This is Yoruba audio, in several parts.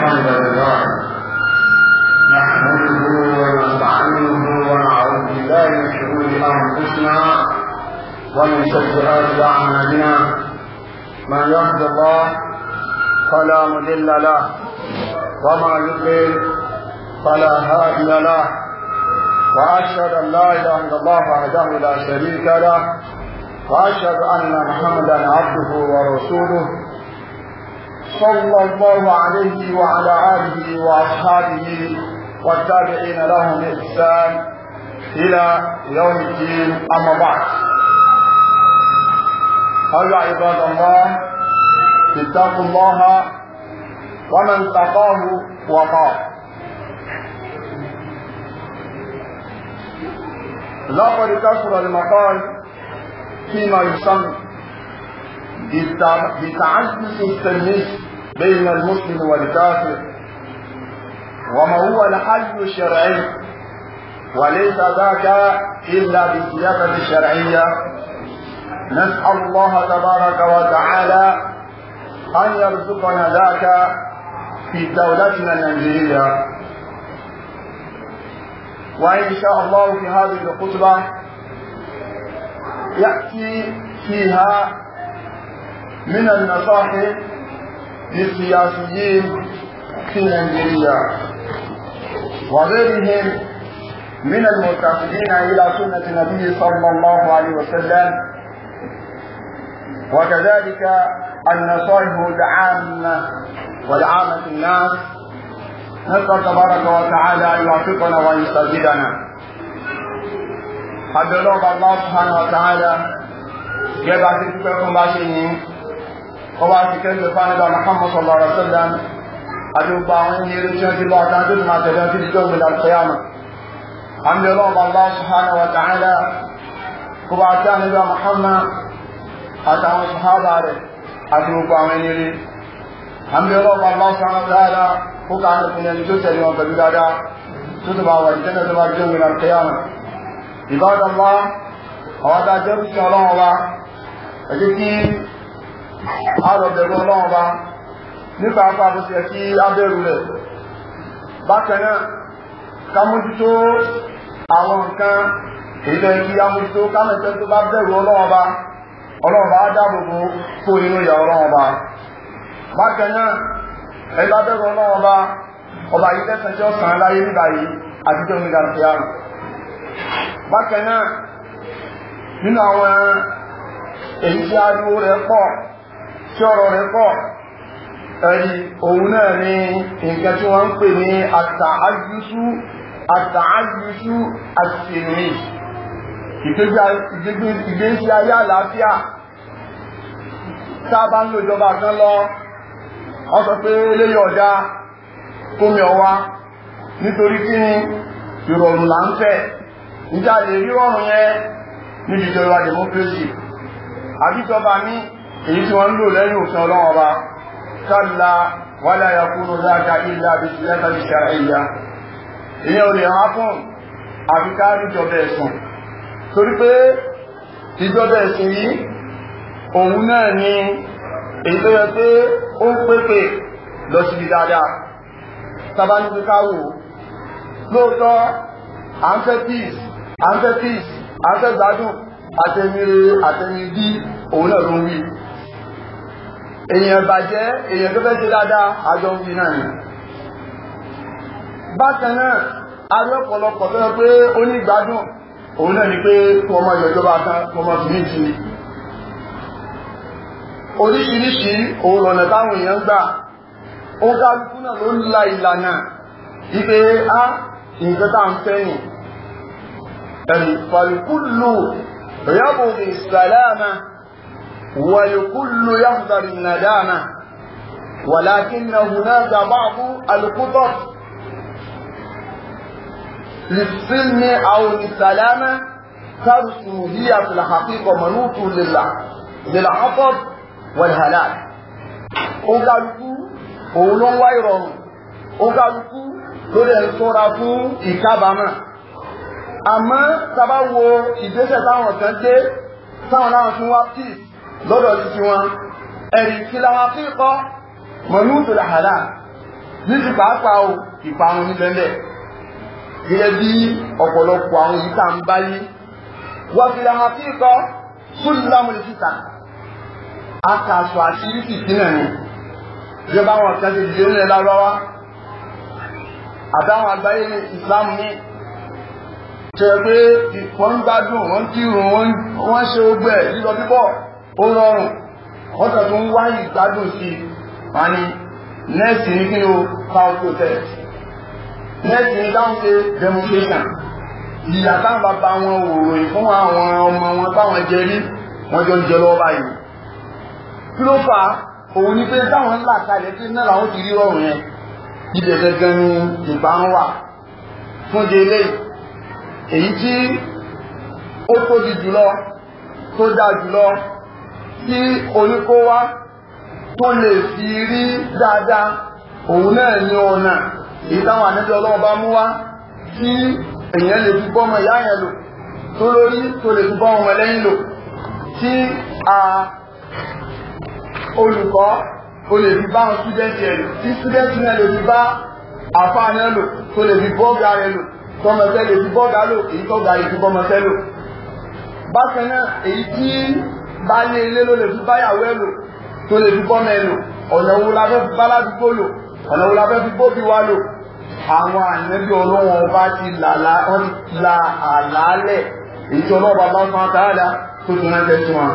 الحمد لله نحمده ونستعينه ونعوذ بالله من شرور انفسنا ومن سيئات اعمالنا من يهد الله فلا مضل له وما يضلل فلا هادي له واشهد ان لا اله الا الله وحده لا شريك له واشهد ان محمدا عبده ورسوله صلى الله عليه وعلى آله وأصحابه والتابعين لهم بإحسان إلى يوم الدين أما بعد قال عباد الله اتقوا الله ومن تقاه وقاه لقد كثر المقال فيما يسمى بتعزز التلميذ بين المسلم والكافر وما هو الحل الشرعي وليس ذاك إلا بالسياسة الشرعية نسأل الله تبارك وتعالى أن يرزقنا ذاك في دولتنا الانجيليه وإن شاء الله في هذه الخطبة يأتي فيها من النصائح للسياسيين في نيجيريا وغيرهم من المرتقبين إلى سنة النبي صلى الله عليه وسلم وكذلك النصائح العامة ولعامة الناس نسأل تبارك وتعالى أن يوفقنا ويسددنا حد الله سبحانه وتعالى يبعث بكم باشين ọba ti kẹ́sẹ̀ fáńdà Muhammad sallallahu alaihi wasallam àti gbogbo àwọn ẹni eré tí wọ́n ti lọ àtàkùn tó máa tẹ̀lé ọtí jọ́ ìgbìlá kẹyàmù. àmì ọlọ́ọ̀bà Allah subhanahu wa ta'ala kó bá tẹ́ àníbà Muhammad àtàwọn sàhábà rẹ̀ àti gbogbo àwọn ẹni eré. àmì ọlọ́ọ̀bà Allah subhanahu wa ta'ala kó ká ní ìpínlẹ̀ ní tó tẹ̀lé wọn pẹ̀lú dáadáa tó tó bá wà ní àrọ̀bẹ̀rù ọlọ́run bá nípa apá àbúṣe kí abẹ́rù rẹ bákan náà ká mójútó àwọn nǹkan èlò ẹ̀kí amójútó kámẹ́tẹ́ tó bá bẹrù ọlọ́run bá ọlọ́run bá dáàbòbò tó inú ìyà ọlọ́run bákan náà ẹ bá ọba yìí láyé nígbà yìí àrùn bákan náà nínú àwọn èyí tí ọ̀rọ̀ rẹ̀ pọ̀ ẹ̀rí òun náà ni nǹkan tí wọ́n ń pè ní àtàájúsú àtàájúsú àṣìrí ìgbésí ayé àlàáfíà tá bá ń lo ìjọba kan lọ wọ́n sọ pé eléyìí ọ̀dá kómi ọwá nítorí kí ni ìrọ̀rùn là ń fẹ́ níjà lè rí rọ̀rùn yẹn níbi ìjọba democracy àbíjọba ní èyí tí wọ́n ń lò lẹ́yìn òfin ọlọ́run ọba kálá wàlá yakúrò dáka ilá bí ti lẹ́ta ti ṣàrà ìyá ìyẹn ò lè hàn fún àfi ká rí ìjọba ẹ̀sìn torí pé ìjọba ẹ̀sìn yìí òun náà ni èyí tó yẹ pé ó ń pépè lọ síbi dáadáa sábà káwò lóòótọ́ à ń fẹ́ peace à ń fẹ́ peace à òun náà ló ń wí èèyàn bàjẹ́ èèyàn tó fẹ́ ṣe dáadáa àjọ ń fi náà yẹn. bákan náà arí ọ̀pọ̀lọpọ̀ tó yẹ pé ó ní ìgbádùn òun náà ni pé kí wọ́n máa yọ ìjọba kan kí wọ́n máa fi mí jì oríṣiríṣi òun ọ̀nà táwọn èèyàn gbà ó kálukú náà ló ń la ìlànà ipe a nǹkan tá à ń fẹ́yìn. ẹ̀rì pàlùkù lù rẹ́bùn ìsàlámà. والكل يحذر الندامة ولكن هناك بعض الخطط للسلم أو للسلامة ترسم هي في الحقيقة منوط للعطب والهلاك أوكالكو أولون وايرون أوكالكو lórí ẹ̀ ṣọ́ra fún ìkábàámọ̀ àmọ́ tá a bá wo ìgbésẹ̀ táwọn lọ́dọ̀ ti ti wọn ẹ̀rì ìkìláwà fún ikọ́ mọ̀lúùtò làhàlà ní ti pàápàá o ìparun ní bẹ́ẹ̀ gẹ́gẹ́ bí ọ̀pọ̀lọpọ̀ àwọn yìí tá à ń báyé wọ́n fi làhà fún ikọ́ fún ìlàmúlẹ̀ síta akaṣọ àṣírí fìtínà ni ìjọba àwọn kan ti dìde nílẹ̀ lárọ́wá àtàwọn àgbáyé ní Islam ní tẹ̀ pé ìfọ́ngbádùn wọ́n kírun wọ́n ṣe ogbẹ́ lílọ bíbọ̀ ó rọrùn wọ́n sọ tó ń wá ìgbádùn sí i wọ́n ní nẹ́ẹ̀sì ní kí ni o pound protest nẹ́ẹ̀sì ní táwọn ṣe demonstration ìyá táwọn bàbá wọn ò ròyìn fún àwọn ọmọ wọn táwọn jẹ rí wọ́n jọ ń jẹ lọ́wọ́ báyìí kí ló fà á òun ni pé táwọn ńlá kalẹ̀ tí náà làwọn ti rí rọrùn yẹn ibẹ̀ gẹ́gẹ́ ni ìgbà ń wà fún délé èyí tí ó tóbi jùlọ tó dáa jùlọ tí oníkó wá tó lè fi rí dáadáa òun náà ní ọ̀nà èyí táwọn ànábì ọlọ́run bá mú wá tí èèyàn lè fi bọ́ ọmọ ìyá yẹn lò tó lórí tó lè fi bọ́ ọmọ lẹ́yìn lò tí a olùkọ́ o lè fi bá àwọn sídẹ́ǹtì ẹ̀ lò tí sídẹ́ǹtì náà lè fi bá àfáà náà lò tó lè fi bọ́ọ̀gà rẹ̀ lò tọmọtẹ́ lè fi bọ́ọ̀gà lò èyí tọ́gà lè fi bọ́mọtẹ́ lò. bákan náà èyí tí baálé ilé ló lè fi báyàwó ẹ lò tó lè fi bọ́mọ ẹ lò ọ̀nà wo la fẹ́ fi báládùúgbò lò ọ̀nà wo la fẹ́ fi bóbi wa lò àwọn ànábì ọlọ́wọ́n ọba ti la àlàálẹ̀ èyí tí ọlọ́wọ́ bàbá fún àtàlà tó tún náà tẹ̀sùn wa.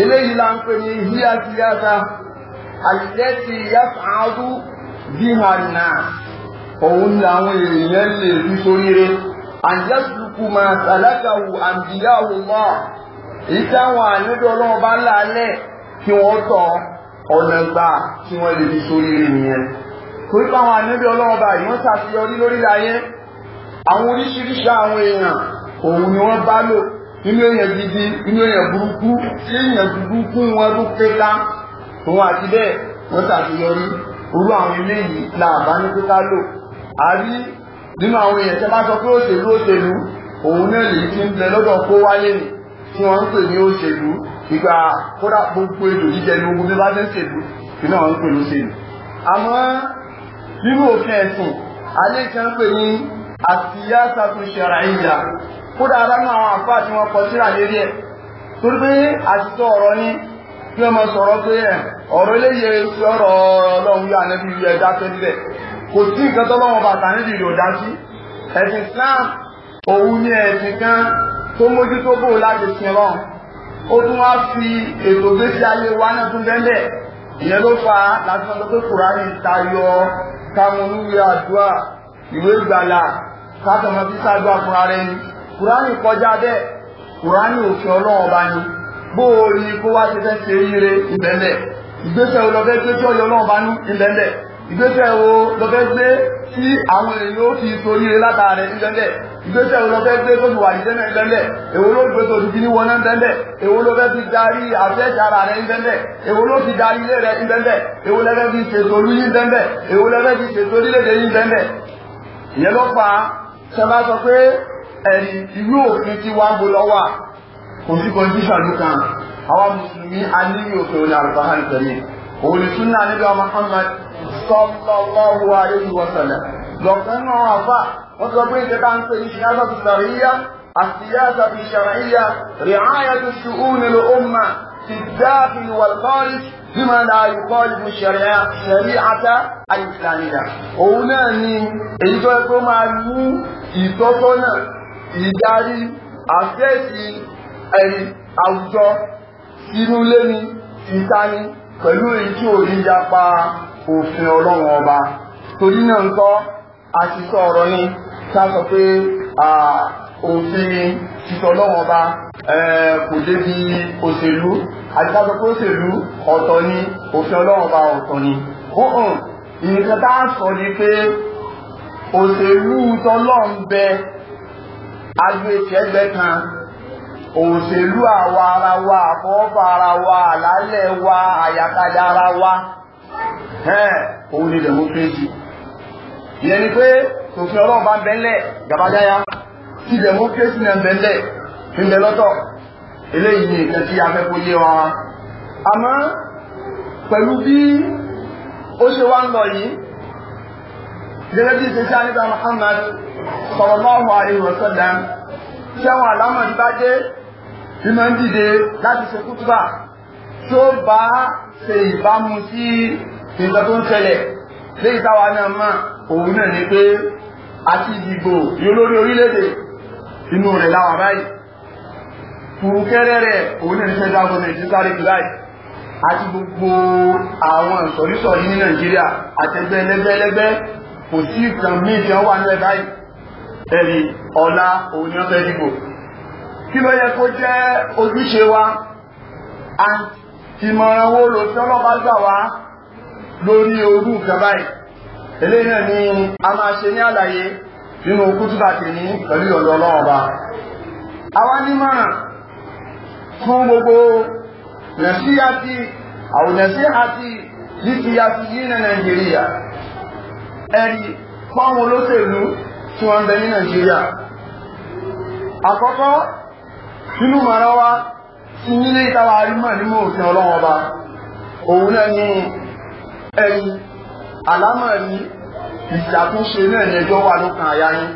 eléyìí la ń pè ní híyá ti yáta àṣìṣe ti yáta àádú bí hànà òun ni àwọn èèyàn lè fi sóríire àjẹsùkú máa sàlákàwù àǹbíyá òun náà èyí táwọn ànídọ́ ọlọ́run bá lálẹ́ kí wọ́n tọ ọ̀nà gbà kí wọ́n lè fi sórí nìyẹn torí pé àwọn ànídọ́ ọlọ́run bá yìí wọ́n ṣàṣeyọrí lórílẹ̀ àwọn oríṣiríṣi àwọn èèyàn òun ni wọ́n bá lò nínú èèyàn gidi nínú èèyàn burúkú tí èèyàn burúkú wọn ló pé ká òun àti bẹ́ẹ̀ wọ́n ṣàṣeyọrí orú àwọn eléyìí làbá ní pé ká lò àbí nínú àwọn èèyàn tẹ́ bá sọ pé òṣèlú òṣèlú òun náà lè ti ń bẹ lọ́dọ̀ kó wálé nìyí tí wọ́n ń pè ní òṣèlú ìgbà kódà gbogbo ètò jíjẹ ní ogun bí bá ti ń ṣèlú kí náà ń pè ní òṣèlú. àmọ́ nínú òfin ẹ̀sìn alẹ́ tí wọ́n ń pè ní àtìyá sàtúnṣe ara ìyá kódà adáná àwọn àfáà tí wọ́n kọ síra lérí ẹ̀ torí pé àtìtọ́ ọ̀rọ̀ ni bí wọ́n máa sọ̀rọ̀ pé ọ̀rọ̀ eléyè sọ̀rọ̀ ọlọ́run yóò ànẹ́bí yóò ẹ̀dá tẹ́lẹ̀ kò sí nǹkan tọ́lọ́wọ́n bàtà nídìí ìlò dá tó mójútó bóun láti sin lọ́hùn ó tún wá fi ètò gbèsè ayé wa náà tún bẹ́ẹ̀ bẹ́ẹ̀ ìyẹn ló fa láti máa lọ pé kùránì tayọ táwọn olúwe àdúrà ìwé ìgbàlà káàtọ̀mọ́ bí sáájú àfúnra rẹ̀ ni kùránì kọjá bẹ́ẹ̀ kùránì òfin ọlọ́run ọba ni bóòrí kó wá ṣe fẹ́ ṣe yíire ìbẹ̀lẹ̀ ìgbésẹ̀ wo lọ́fẹ́ gbé tí ọyọ ọlọ́run bá ní ìbẹ̀lẹ̀ ìgbésẹ̀ wo lọ́fẹ́ gbé tí àwọn èèyàn ó fi toríire látàrẹ ìbẹ̀lẹ̀ ìgbésẹ̀ wo lọ fẹ́ gbé tó ti wà yìí tẹ́lẹ̀ tẹ́lẹ̀ èwo ló gbé tó ti fi ní wọná tẹ́lẹ̀ èwo ló fẹ́ fi darí àfẹ́sẹ̀ ara rẹ̀ tẹ́lẹ̀ èwo ló fi darí ilé rẹ̀ tẹ́lẹ̀ èwo lẹ́fẹ́ fi ṣètò olú yín tẹ́lẹ̀ èwo lẹ́fẹ́ fi ṣètò orílẹ̀-èdè yín tẹ́lẹ̀. ìyẹn ló fa sábà sọ pé ẹ̀rí ìlú òfin ti wá bo lọ́wọ́ kò sí condition ló kan àwa mùsùlùmí lọ́kàn náà wà fà wọ́n sọ pé ìjọba ń pè ní sinasa tó sàríyá àtìyása tó sàríyá rìáyà tó ṣùkú nílò ọmọ ti dáàbì wàlbọ́ọ̀lì bímọ náà yùkọ́ ìbú ṣẹ̀ríàtà àìsànìyà. òun náà ni èyí tó yẹ kó máa mú ìtọ́sọ́nà ìdarí àfẹ́sì ẹ̀rí àwùjọ sínú léni ìtaní pẹ̀lú èyí tí ò ní yapa òfin ọlọ́run ọba torí náà ń kọ́ àti sọ ọ̀rọ̀ ni ká sọ pé òfin títọ́ lọ́wọ́ bá kò débi òṣèlú àti ká sọ pé òṣèlú ọ̀tọ̀ ni òfin ọlọ́wọ́ bá ọ̀tọ̀ ni. hóhùn nǹkan tá a sọ ni pé òṣèlú tọ́lọ́ ń bẹ agbe tẹ́gbẹ́ kan òṣèlú àwa ara wa àfọwọ́fà ara wa àlálẹ̀ wa àyàkadà ara wa òun ni democracy ìyẹn ni pé òfin ọlọ́run bá ń bẹ́ ńlẹ̀ gàbádáyà tí democracy náà ń bẹ́ ńlẹ̀ fi ń bẹ lọ́tọ̀ eléyìí ni nǹkan tí a fẹ́ kó yé wa àmọ́ pẹ̀lú bí ó ṣe wá ń lọ yìí gẹ́gẹ́ bí ṣe ṣe àníbà Muhammad sallallahu alaihi wa sallam sẹ́wọ̀n àlámọ̀ ti bá dé bí máa ń dìde láti ṣe kútúbà tó bá ṣe ìbámu sí nǹkan tó ń ṣẹlẹ̀ léyìí táwa náà mọ̀ òun náà ni pé àti ìdìbò yóò lórí orílẹ̀-èdè inú rẹ̀ láwà báyìí fùrùkẹ́rẹ́ rẹ̀ òun náà ní federal government ní sáré july àti gbogbo àwọn ìsọ̀rísọ̀rí ní nàìjíríà àtẹgbẹ́ lẹ́gbẹ́lẹ́gbẹ́ kò sí ìtàn míì tí wọ́n wà ní ẹ̀bá yìí ẹ̀rí ọ̀la òun ni wọ́n fẹ́ dìbò kí ló yẹ kó jẹ́ ojúṣe wa àti ìmọ̀ràn wo lò sí ọlọ́pàá gbà wá lórí orú ìjọba eléyìí náà ni a máa ṣe ní àlàyé nínú kútúbà tèmi pẹ̀lú ọzọ ọlọ́run ọba àwa nímọ̀ràn fún gbogbo nàìjíríàtì àwọn nàìjíríàtì ní ti yàtì yìí ní nàìjíríà ẹ̀rí fáwọn olóṣèlú tí wọ́n ń bẹ ní nàìjíríà wa ti nílé ìtawà arímọ̀ nínú òfin ọlọ́run ọba òun náà ni àlámọ̀ ni ìṣàtúnṣe náà ni ẹjọ́ wà lókàn àyà yín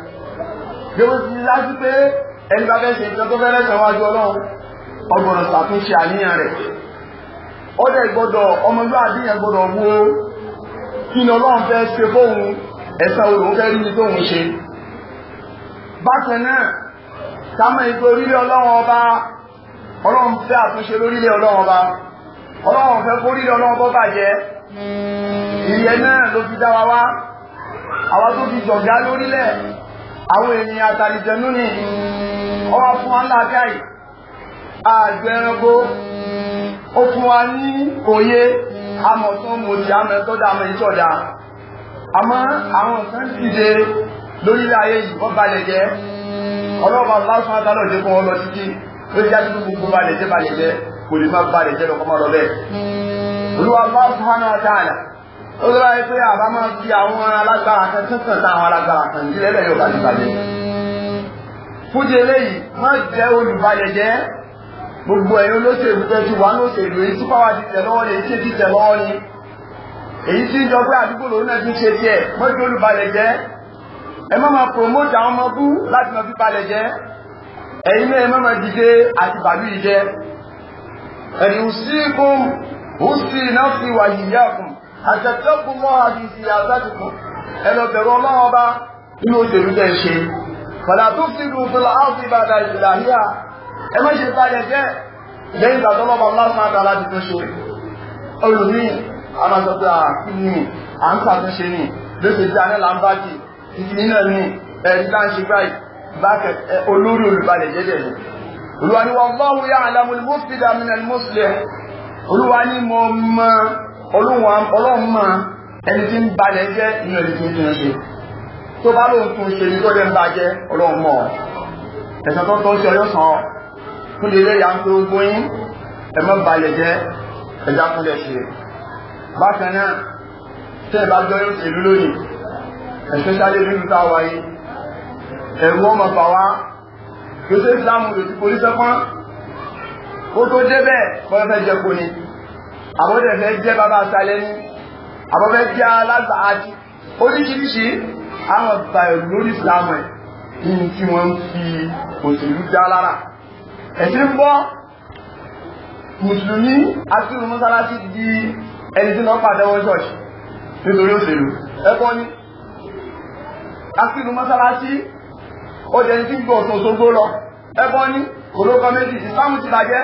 bí ó ti lájú pé ẹni bá fẹ́ ṣe nǹkan tó fẹ́ lẹ́sẹ̀ wájú ọlọ́run ọgbọ̀nà ṣàtúnṣe àníyàn rẹ̀ ó dẹ̀ gbọ́dọ̀ ọmọlúwàbí yẹn gbọ́dọ̀ wo kí ni ọlọ́run fẹ́ ṣe fóun ẹ̀sán olóhùn fẹ́ rí ni tóun ṣe bákan náà sámọ̀ ìgbé orílẹ̀ ọlọ́run ọba ọlọ́run fẹ́ àtúnṣe lórílẹ̀ ọlọ́run ọba ọlọ́run fẹ́ kórílẹ̀ ọlọ́run ọba bàjẹ́ ìyẹn náà ló fi dá wa wá àwa tó fi jọ̀gá lórílẹ̀ àwọn ènìyàn àtàlìjẹ̀nú ni ọwá fún wa láàbíà yìí àjọ ẹranko ó fún wa ní òye amọ̀tán mòjì amẹ́tọ́dá amẹ́ ìtọ́dá àmọ́ àwọn kan dìde lórílẹ̀ ayé yìí wọ́n balẹ̀ jẹ́ ọlọ́ọ̀bà lásán àtàlọ́jẹ́ fún ọ lọ títí lórí jáde gbogbo balẹ̀ jẹ́ balẹ̀ jẹ́ kò lè má balẹ̀ jẹ́ lọ́kọ́ má lọ bẹ́ẹ̀ olúwa bá sùhánà dáàlà ó lọ́wọ́ ayé pé àbá máa fi àwọn alágbára kan tuntun táwọn alágbára kan yìí lẹ́lẹ́ yóò bá ti bàjẹ́. fúdi eléyìí má jẹ́ olùbàjẹ́jẹ́ gbogbo ẹ̀yin olóṣèlú pẹ́ ti wà ní òṣèlú èyí tí pàwọ́ ti tẹ̀ lọ́wọ́ ni èyí tí tẹ̀ lọ́wọ́ ni èyí tí ń jọ pé àdúgbò lòun náà ti ń ṣe tiẹ̀ mọ́jú olùbàjẹ́jẹ́ ẹ má máa promote àwọn ọmọ bú láti máa fi balẹ̀ jẹ́ ẹ̀yin náà ẹ má máa dìde àti bàbí yìí jẹ́ ẹ̀yìn sí fún أوصي نفسي وإياكم أن تتقوا الله في سياساتكم أن تروا الله أبا يوسف شيء فلا تفسدوا في الأرض بعد إلهية أما شيء بعد شيء لين تطلب الله سبحانه وتعالى بتشوي أولوني أنا سبلا كني أنا سبشني لسه جانا لامباكي تجينا ني إذا شكاي باك أولوري البلد جدًا ولو أن والله يعلم المفسد من المصلح olúwa ní mo mọ ọlọ́run mọ ẹni tí ń balẹ̀ jẹ́ ní ẹni tí ń tún ṣe tó bá lóun tún ṣe ní tó dé ń bá jẹ́ ọlọ́run mọ̀ ẹ̀sán tó tó ń ṣe ọyọ́ sàn ọ́ fún ilé ìyá ń tó gbóyún ẹ̀ mọ́ balẹ̀ jẹ́ ẹ̀dá kúnlẹ̀ ṣe bákan náà tẹ́ ẹ bá jọ yóò ṣèlú lónìí ẹ̀sìn sáré nínú tá a wáyé ẹ̀rù ọmọ fà wá kí ṣe ìsìlámù lòdì polí sẹ́pọ́n kó tó débẹ̀ bọ́lá fẹ́ jẹ kó ni àbọ̀dẹ̀ fẹ́ jẹ́ bàbá asalẹ́ ní àbọ̀fẹ́ jẹ́ alágbà àti oríṣiríṣi àwọn bàyọ̀ lórí ìsìlámù ẹ̀ ní tí wọ́n ń fi òṣèlú dá lára ẹ̀sìn ń bọ́ mùsùlùmí àti mọ́sálásí di ẹni tí wọ́n pàdé wọn ṣọ́ọ̀ṣì nítorí òṣèlú ẹ̀kọ́ ni akínú mọ́sálásí ó jẹ́ ní tí gbọ́ ọ̀sán lọ ẹ̀kọ́ ni kò ló kọ́ méjì ti bàjẹ́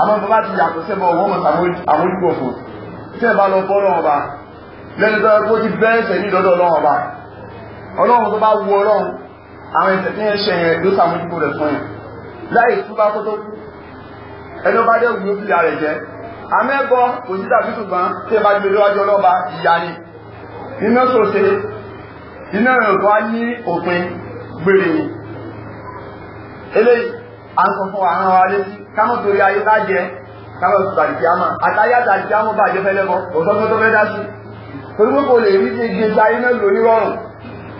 àmọ́ tó bá ti yàtọ̀ sẹ́bọ̀ wọ́n mọ̀ àwọn ojúbọ fún tí ẹ bá lọ bọ́ lọ́wọ́ bá lẹ́nu tó kó ti bẹ́ẹ̀sẹ̀ ní ìdọ́dọ̀ lọ́wọ́ bá ọlọ́run tó bá wu ọlọ́run àwọn ẹ̀ṣẹ̀ tí yẹn ṣe yẹn ló sàmójúbọ rẹ̀ fún yẹn láì tú bá kótó kú ẹni ó bá dé wù ú fìyà rẹ̀ jẹ́ amẹ́gbọ́ kò sí tàbí ṣùgbọ́n tí ẹ bá gbé lọ́wọ́ ọlọ́ba ìyá ni iná sòṣe iná rẹ̀ á ní òpin gbére eléyìí à ń sọ fún wa àwọn wa létí kámọ́ torí ayé bá jẹ kámọ́ tàbí àmà àtàyà tàbí àmọ́ bàjẹ́ fẹ́lẹ́ mọ́ òtọ́tọ́ tó fẹ́ dá sí torí pé kò lè rí ti gbèsè ayé náà lò nírọ̀rùn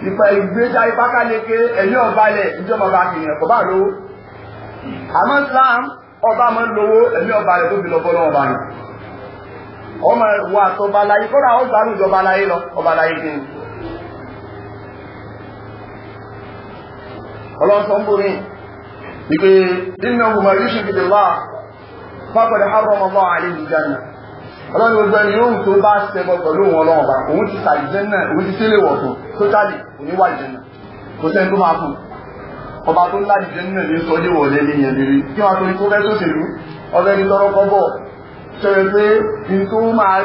ìfẹ́ ìgbésí ayé pákáleke ẹ̀mí ọ̀balẹ̀ ìjọba bá fi yàn kọ́ bá lówó àmọ́ Islam ọba máa ń lówó ẹ̀mí ọba rẹ̀ tó fi lọ bọ́ lọ́wọ́ ọba rẹ̀ ọmọ ìwà àtọ́ba aláyé kọ́ra ó gbárùn ìjọba aláyé lọ ọba aláyé kí ni. ọlọ́sọ̀ ń borí wípé nínú ọmọ yíṣù gidi wá pápẹ̀lẹ̀ àrọ̀mọ̀ bá àlejò ìjànà ọlọ́run gbogbo ẹni yóò tó bá ṣẹbọ pẹ̀lú òun ọlọ́run ọba òun ti tàbí jẹ́nà òun ti tẹ́lẹ̀ wọ̀tún tó jáde oníwà jẹ́nà kò sẹ́ni tó máa fún ọba tó ńlá jẹ́nà ní sọ́jú wọlé ní yẹn lérí kí wọ́n torí tó fẹ́ sóṣèlú ọbẹ̀ ní tọrọ kọ́ bọ̀ sọ̀rọ̀ pé ní tó máa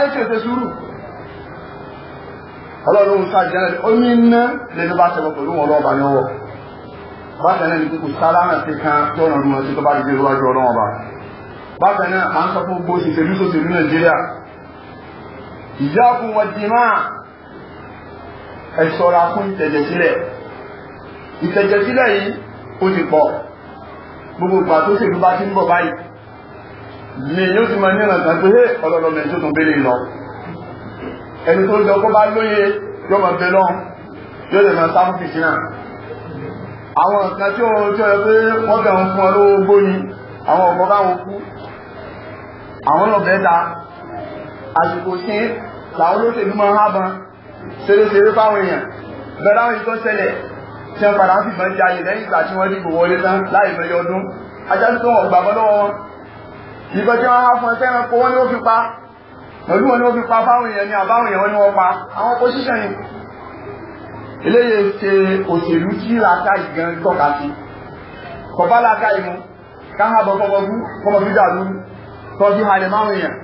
rí ọlọ́run ń sáájú náà ó ní iná lẹ́nu bá ṣẹlẹ̀ pẹ̀lú wọn lọ́ba ní ọwọ́ bákan náà ní kíkù sálámà sí kan tó ọ̀nà ọdún ọtí tó bá dìde lọ́wọ́ ọjọ́ ọlọ́wọ́ bá bákan náà à ń sọ fún gbóṣì ṣèlú sòṣèlú nàìjíríà ìyá fún wọn di máa ẹ ṣọ́ra fún ìtẹ̀jẹ̀ sílẹ̀ ìtẹ̀jẹ̀ sílẹ̀ yìí ó ti pọ̀ gbogbo ìgbà tó ṣèlú bá ti ń bọ̀ báyìí ni yóò ti máa ní ìrànṣẹ́ pé ọlọ́lọ́ ẹni tó jọ kó bá lóye yóò máa bẹ lọ́hùn yóò lè máa sáfù fìtì náà. àwọn nǹkan tí ó tí ó yẹ pé wọ́n bẹ̀rù fún ọ lówó gbóni àwọn ọ̀gbọ́n báwọn kú àwọn lọ́bẹ̀ẹ́ ta àsìkò sí làwọn olóṣèlú máa ń hábọn ṣeréṣeré fáwọn èèyàn bẹ́ẹ̀ láwọn ìtọ́ ṣẹlẹ̀ tí wọ́n padà sì máa ń jayè lẹ́yìn ìgbà tí wọ́n dìbò wọlé tán láì mẹ́yọ ọdún ajá tó pẹ̀lú wọn ni wọ́n fi pa fáwọn èèyàn ni àbáwọn èèyàn ni wọ́n pa àwọn pòṣíṣàn yìí eléyè ṣe òṣèlú tí làákà ìgbọ̀n tọ́ka sí kọ̀bá làákà ìmú káhábọ̀ kọ́mọbú kọ́mọbí dàlú tọ́jú halẹ̀ máwọn èèyàn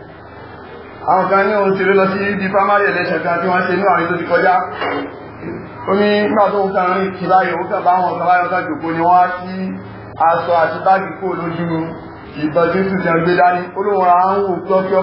àwọn kan ní òṣèlú lọ sí ibi primary election kan tí wọ́n ṣe ní àwọn ètò ti kọjá ó ní nígbà tó ń kan rìn kí báyìí ó kàn bá àwọn kan báyọ̀ kan jòkó ni wọ́n á sí aṣọ àti báàgì kúrò lójú ìbọn tó tún jẹun gbé dání ó lóun ra ń wò kí ọ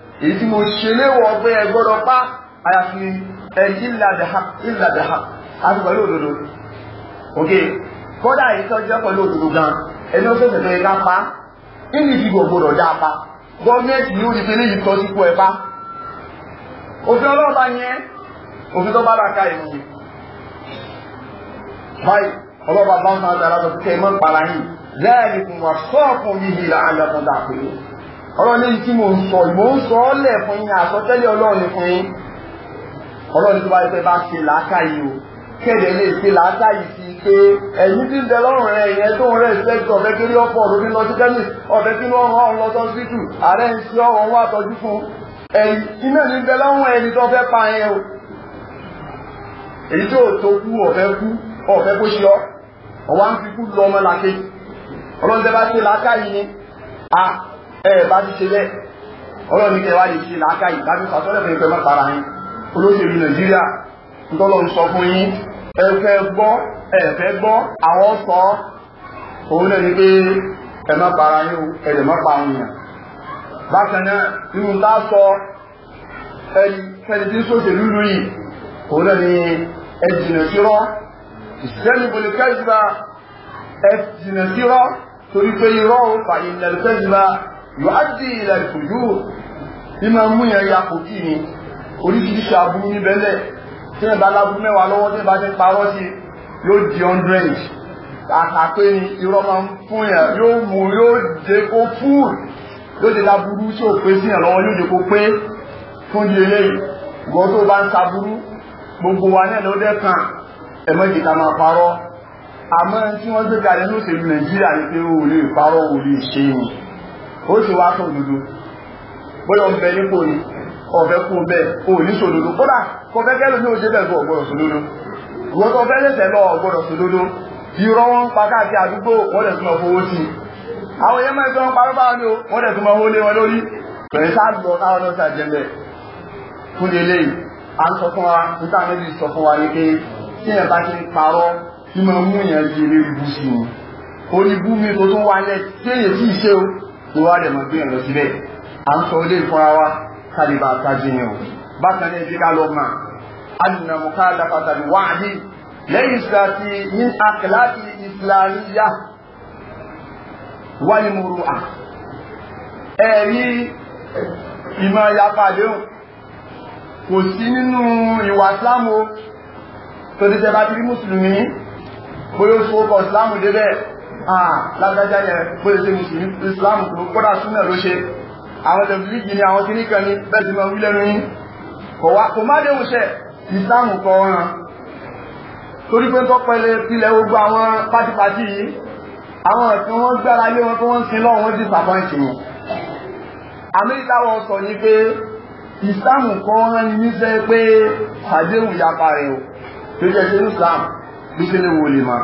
èyí tí mo ṣe léwọ̀ ọgbẹ́ ẹ gbọ́dọ̀ pa àyàfi ẹ ìlà dàhà àti pẹ̀lú òdodo ok kódà èyí tó jẹ́ pẹ̀lú òdodo gan ẹni ó fẹsẹ̀ lóye ká pa ìní ìdìbò gbọ́dọ̀ dá a pa gọ́ọ̀mẹ̀ntì ni ó ti fi léyìí tọ́ sí kú ẹ pa òfin ọlọ́ọ̀bá yẹn òfin tó bá rà ká ìlú báyìí ọlọ́ọ̀bá bá ń máa dára lọ sí kẹ́ ẹ mọ́ ìpara yìí lẹ́yìn kùn wà sọ́ọ̀kùn yìí làálẹ̀ fún dàpẹ́ yìí ọlọ́run ní tí mo ń sọ ìmọ̀ ń sọ ọ́lẹ̀ fún yín àsọtẹ́lẹ̀ ọlọ́run fún yín ọlọ́run tó bá pẹ́ bá ṣe làákàyè o kéde lè ṣe làákàyè sí i pé ẹ̀yìn tí ń bẹ lọ́rùn rẹ ìyẹn tó ń rẹ̀ ṣẹ́gun ọ̀fẹ́ kiri ọ̀pọ̀ lórí lọ sí tẹ́lẹ̀ ọ̀fẹ́ kí wọ́n rán lọ sọ sí tù ààrẹ ń ṣe ọ̀rọ̀ wá tọ́jú fún ẹ̀yìn iná ní bẹ lọ́rùn ẹni tó fẹ́ pa ẹ o èyí tó tó kú ọ̀fẹ́ kú ọ̀fẹ́ kó ṣe ọ́ ọ̀wá ń fi kú lọ ọmọ làkejì ọlọ́run tẹ́ bá ṣe làákàyè ni ẹ bá ti ṣe bẹ́ẹ̀ ọlọ́run ní kẹ́ wá lè ṣe làákà yìí láti sàtọ́lẹ̀ fún ìpẹ́mọ́ para yín olóṣèlú nàìjíríà ntọ́lọ́ ń sọ fún yín ẹ fẹ́ gbọ́ ẹ fẹ́ gbọ́ àwọn sọ òun náà ni pé ẹ má para yín o ẹ lè má pa àwọn èèyàn bákan náà irun tá a sọ ẹni fẹ́ni tí ń sòṣèlú lù yìí òun náà ni ẹ jìnà sírọ́ ìṣẹ́ni bolùkẹ́ ìgbà ẹ jìnà sírọ́ torí pé irọ́ òun fàyè yọ̀ádì ilẹ̀ ìfòjú ní máa mú yẹn ya kò kí ni oríṣiríṣi aburú níbẹ̀ lẹ̀ tí yẹn bá láburú mẹ́wàá lọ́wọ́ tí yẹn bá ti parọ́ sí yóò di hundred àtàpé ni irọ́ máa ń fún yẹn yóò mú yóò dé kó fúùl yóò dé láburú tí ò pé sí yẹn lọ́wọ́ yóò dé kó pé fún di eléyìí gbọ́n tó bá ń saburú gbogbo wa náà ló dẹ́ kàn ẹ̀mọ́jì ká máa parọ́ àmọ́ tí wọ́n gbé kalẹ̀ ní òṣèlú Nàìjíríà ni pé o ò lè parọ́ o ò lè ṣe é ó sì wá sọ òdodo bóyá ọmọ ẹni kò ní ọ̀fẹ́ kú bẹ́ẹ̀ kò ní sòdodo kódà kọfẹ́ kẹ́lò ní òjé bẹ̀rù ọ̀gbọ̀dọ̀ sòdodo ìwọ́n tó fẹ́ lẹ́sẹ̀ lọ ọ̀gbọ̀dọ̀ sòdodo irọ́ wọn pa káàkiri àdúgbò wọ́n dẹ̀ tún lọ fowó sí i àwọn èèyàn mẹ́rin tó ń parọ́ báwọn ni o wọ́n dẹ̀ tún lọ wọlé wọn lórí pẹ̀lú sáà lọ káwọn lọ́sà jẹ́lẹ̀ fún eléyìí a ń sọ fún wa níta méjì sọ fún wa ni pé tí ẹ̀ bá ti ń parọ́ tí mo mú yẹn di eré ibú sí i orí ibú mi tó tún wá lẹ̀ tí èyí sì ṣe o tó wá rẹ̀ mọ́ gbìyànjú síbẹ̀ à ń sọ ilé ìfúnra wa kárí bá a tají ni o bákan náà ẹbí ká lọ mà á nà mú ká dàpàtà ní wáàdí lẹ́yìn ìsìláàtì ní àkàláàtì ìsìláàríyà wáyé múru à ẹ̀rí ìmọ̀ ìyapa àdéhùn kò sí nínú ìwà ìsìláàmù tó ti tẹ́ bá ti rí mùsùlùmí bóyá ó sọ ọkọ̀ ìsìláàmù débẹ̀. Ah, lágbájá yẹn bóyá ṣe mùsùlùmí ìsìláàmù tó kódà súnmọ̀ ló ṣe àwọn tẹ̀bílíkì ni àwọn kìnnìkan ni bẹ́ẹ̀ sì máa wí lẹ́nu yín kò wá kò má déhùn ṣe ìsìláàmù kọ ọ̀ràn torí pé tọ́pẹ́lẹ́ tilẹ̀ gbogbo àwọn pátípátí yìí àwọn ẹ̀sìn wọn gbára lé wọn tó wọ́n ń sin lọ́wọ́ wọn ti sàpọ́ǹtì wọn àmìlítà wọn sọ ní pé ìsìláàmù kọ ọ̀ràn ni níṣẹ́ pé àdéhùn yapa rẹ̀ o tó jẹ́ ṣe ní bí ṣe lè wọlé máa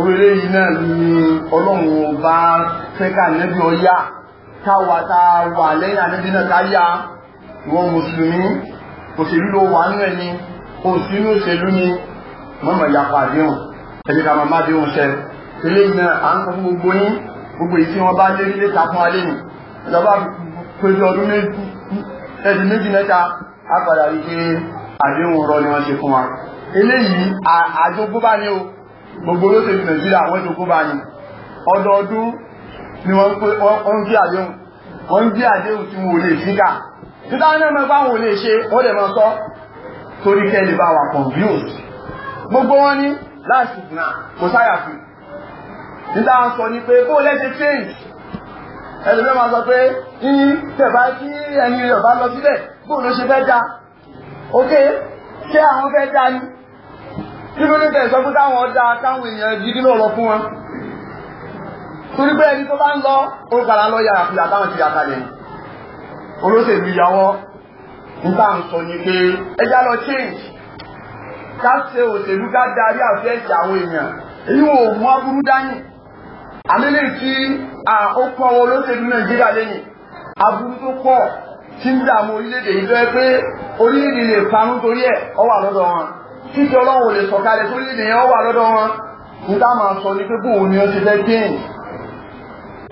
orílẹ̀ yìí náà ni ọlọ́run bá fẹ́ ká nẹ́bí ọyá káwa tá a wà lẹ́yìn ànẹ́bí náà ká yá ìwọ mùsùlùmí òṣèlú ló wà nínú ẹni òṣìlú òṣèlú ni mọ̀mọ̀ yàpá àdéhùn ẹ̀mí ká máa má déhùn ṣẹ eléyìí náà à ń sọ fún gbogbo yín gbogbo èyí tí wọ́n bá lé nílé ta fún alẹ́ nì ìjọba péjú ọdún ẹ̀dì méjì mẹ́ta á padà rí pé àdéhùn rọ ni wọ́n ṣe fún wa eléyìí àjogún bá ní o gbogbo olóṣèlú nàìjíríà àwọn ìjókòó bá ní ọdọọdún ni wọ́n ń gbé àdéhùn wọ́n ń gbé àdéhùn tí wọ́n lè síkà títà náà mọ́ bá wọn lè ṣe wọ́n dẹ̀ mọ́ sọ torí kẹ́lẹ̀ bá wà confused gbogbo wọn ní láti náà kò sáyà fi títà ń sọ ni pé bó lẹ́sẹ̀ change ẹlẹ́gbẹ́ máa sọ pé yíyí tẹ̀bá sí ẹni rẹ̀ bá lọ síbẹ̀ bó ló ṣe fẹ́ da ok ṣé àwọn fẹ́ da ni kí ló ní tẹ̀ sọ pé táwọn ọ̀dà táwọn èèyàn yìí náà lọ fún wọn. torí pé ẹni tó bá ń lọ ó gbàrà lọ yàrá fìyà táwọn ti yàtà lẹ́yìn. olóṣèlú ìyàwó ń bá ń sọ ni pé ẹja lọ change ká ṣe òṣèlú ká darí àfẹ́ẹ̀sì àwọn èèyàn èyí wọn ò mú aburú dání. àmì lè fi àkókò àwọn olóṣèlú nàìjíríà lẹ́yìn aburú tó pọ̀ tí ń dààmú orílẹ̀-èdè yìí lọ́wọ́ pé orílẹ̀-èdè lè parun torí ẹ̀ ọ wà lọ́dọ̀ wọn títí ọlọ́run ò lè sọ̀kalẹ̀ tó lílẹ̀ yẹn wà lọ́dọ̀ wọn ní tá máa sọ ní pé bóun ni ó ti fẹ́ change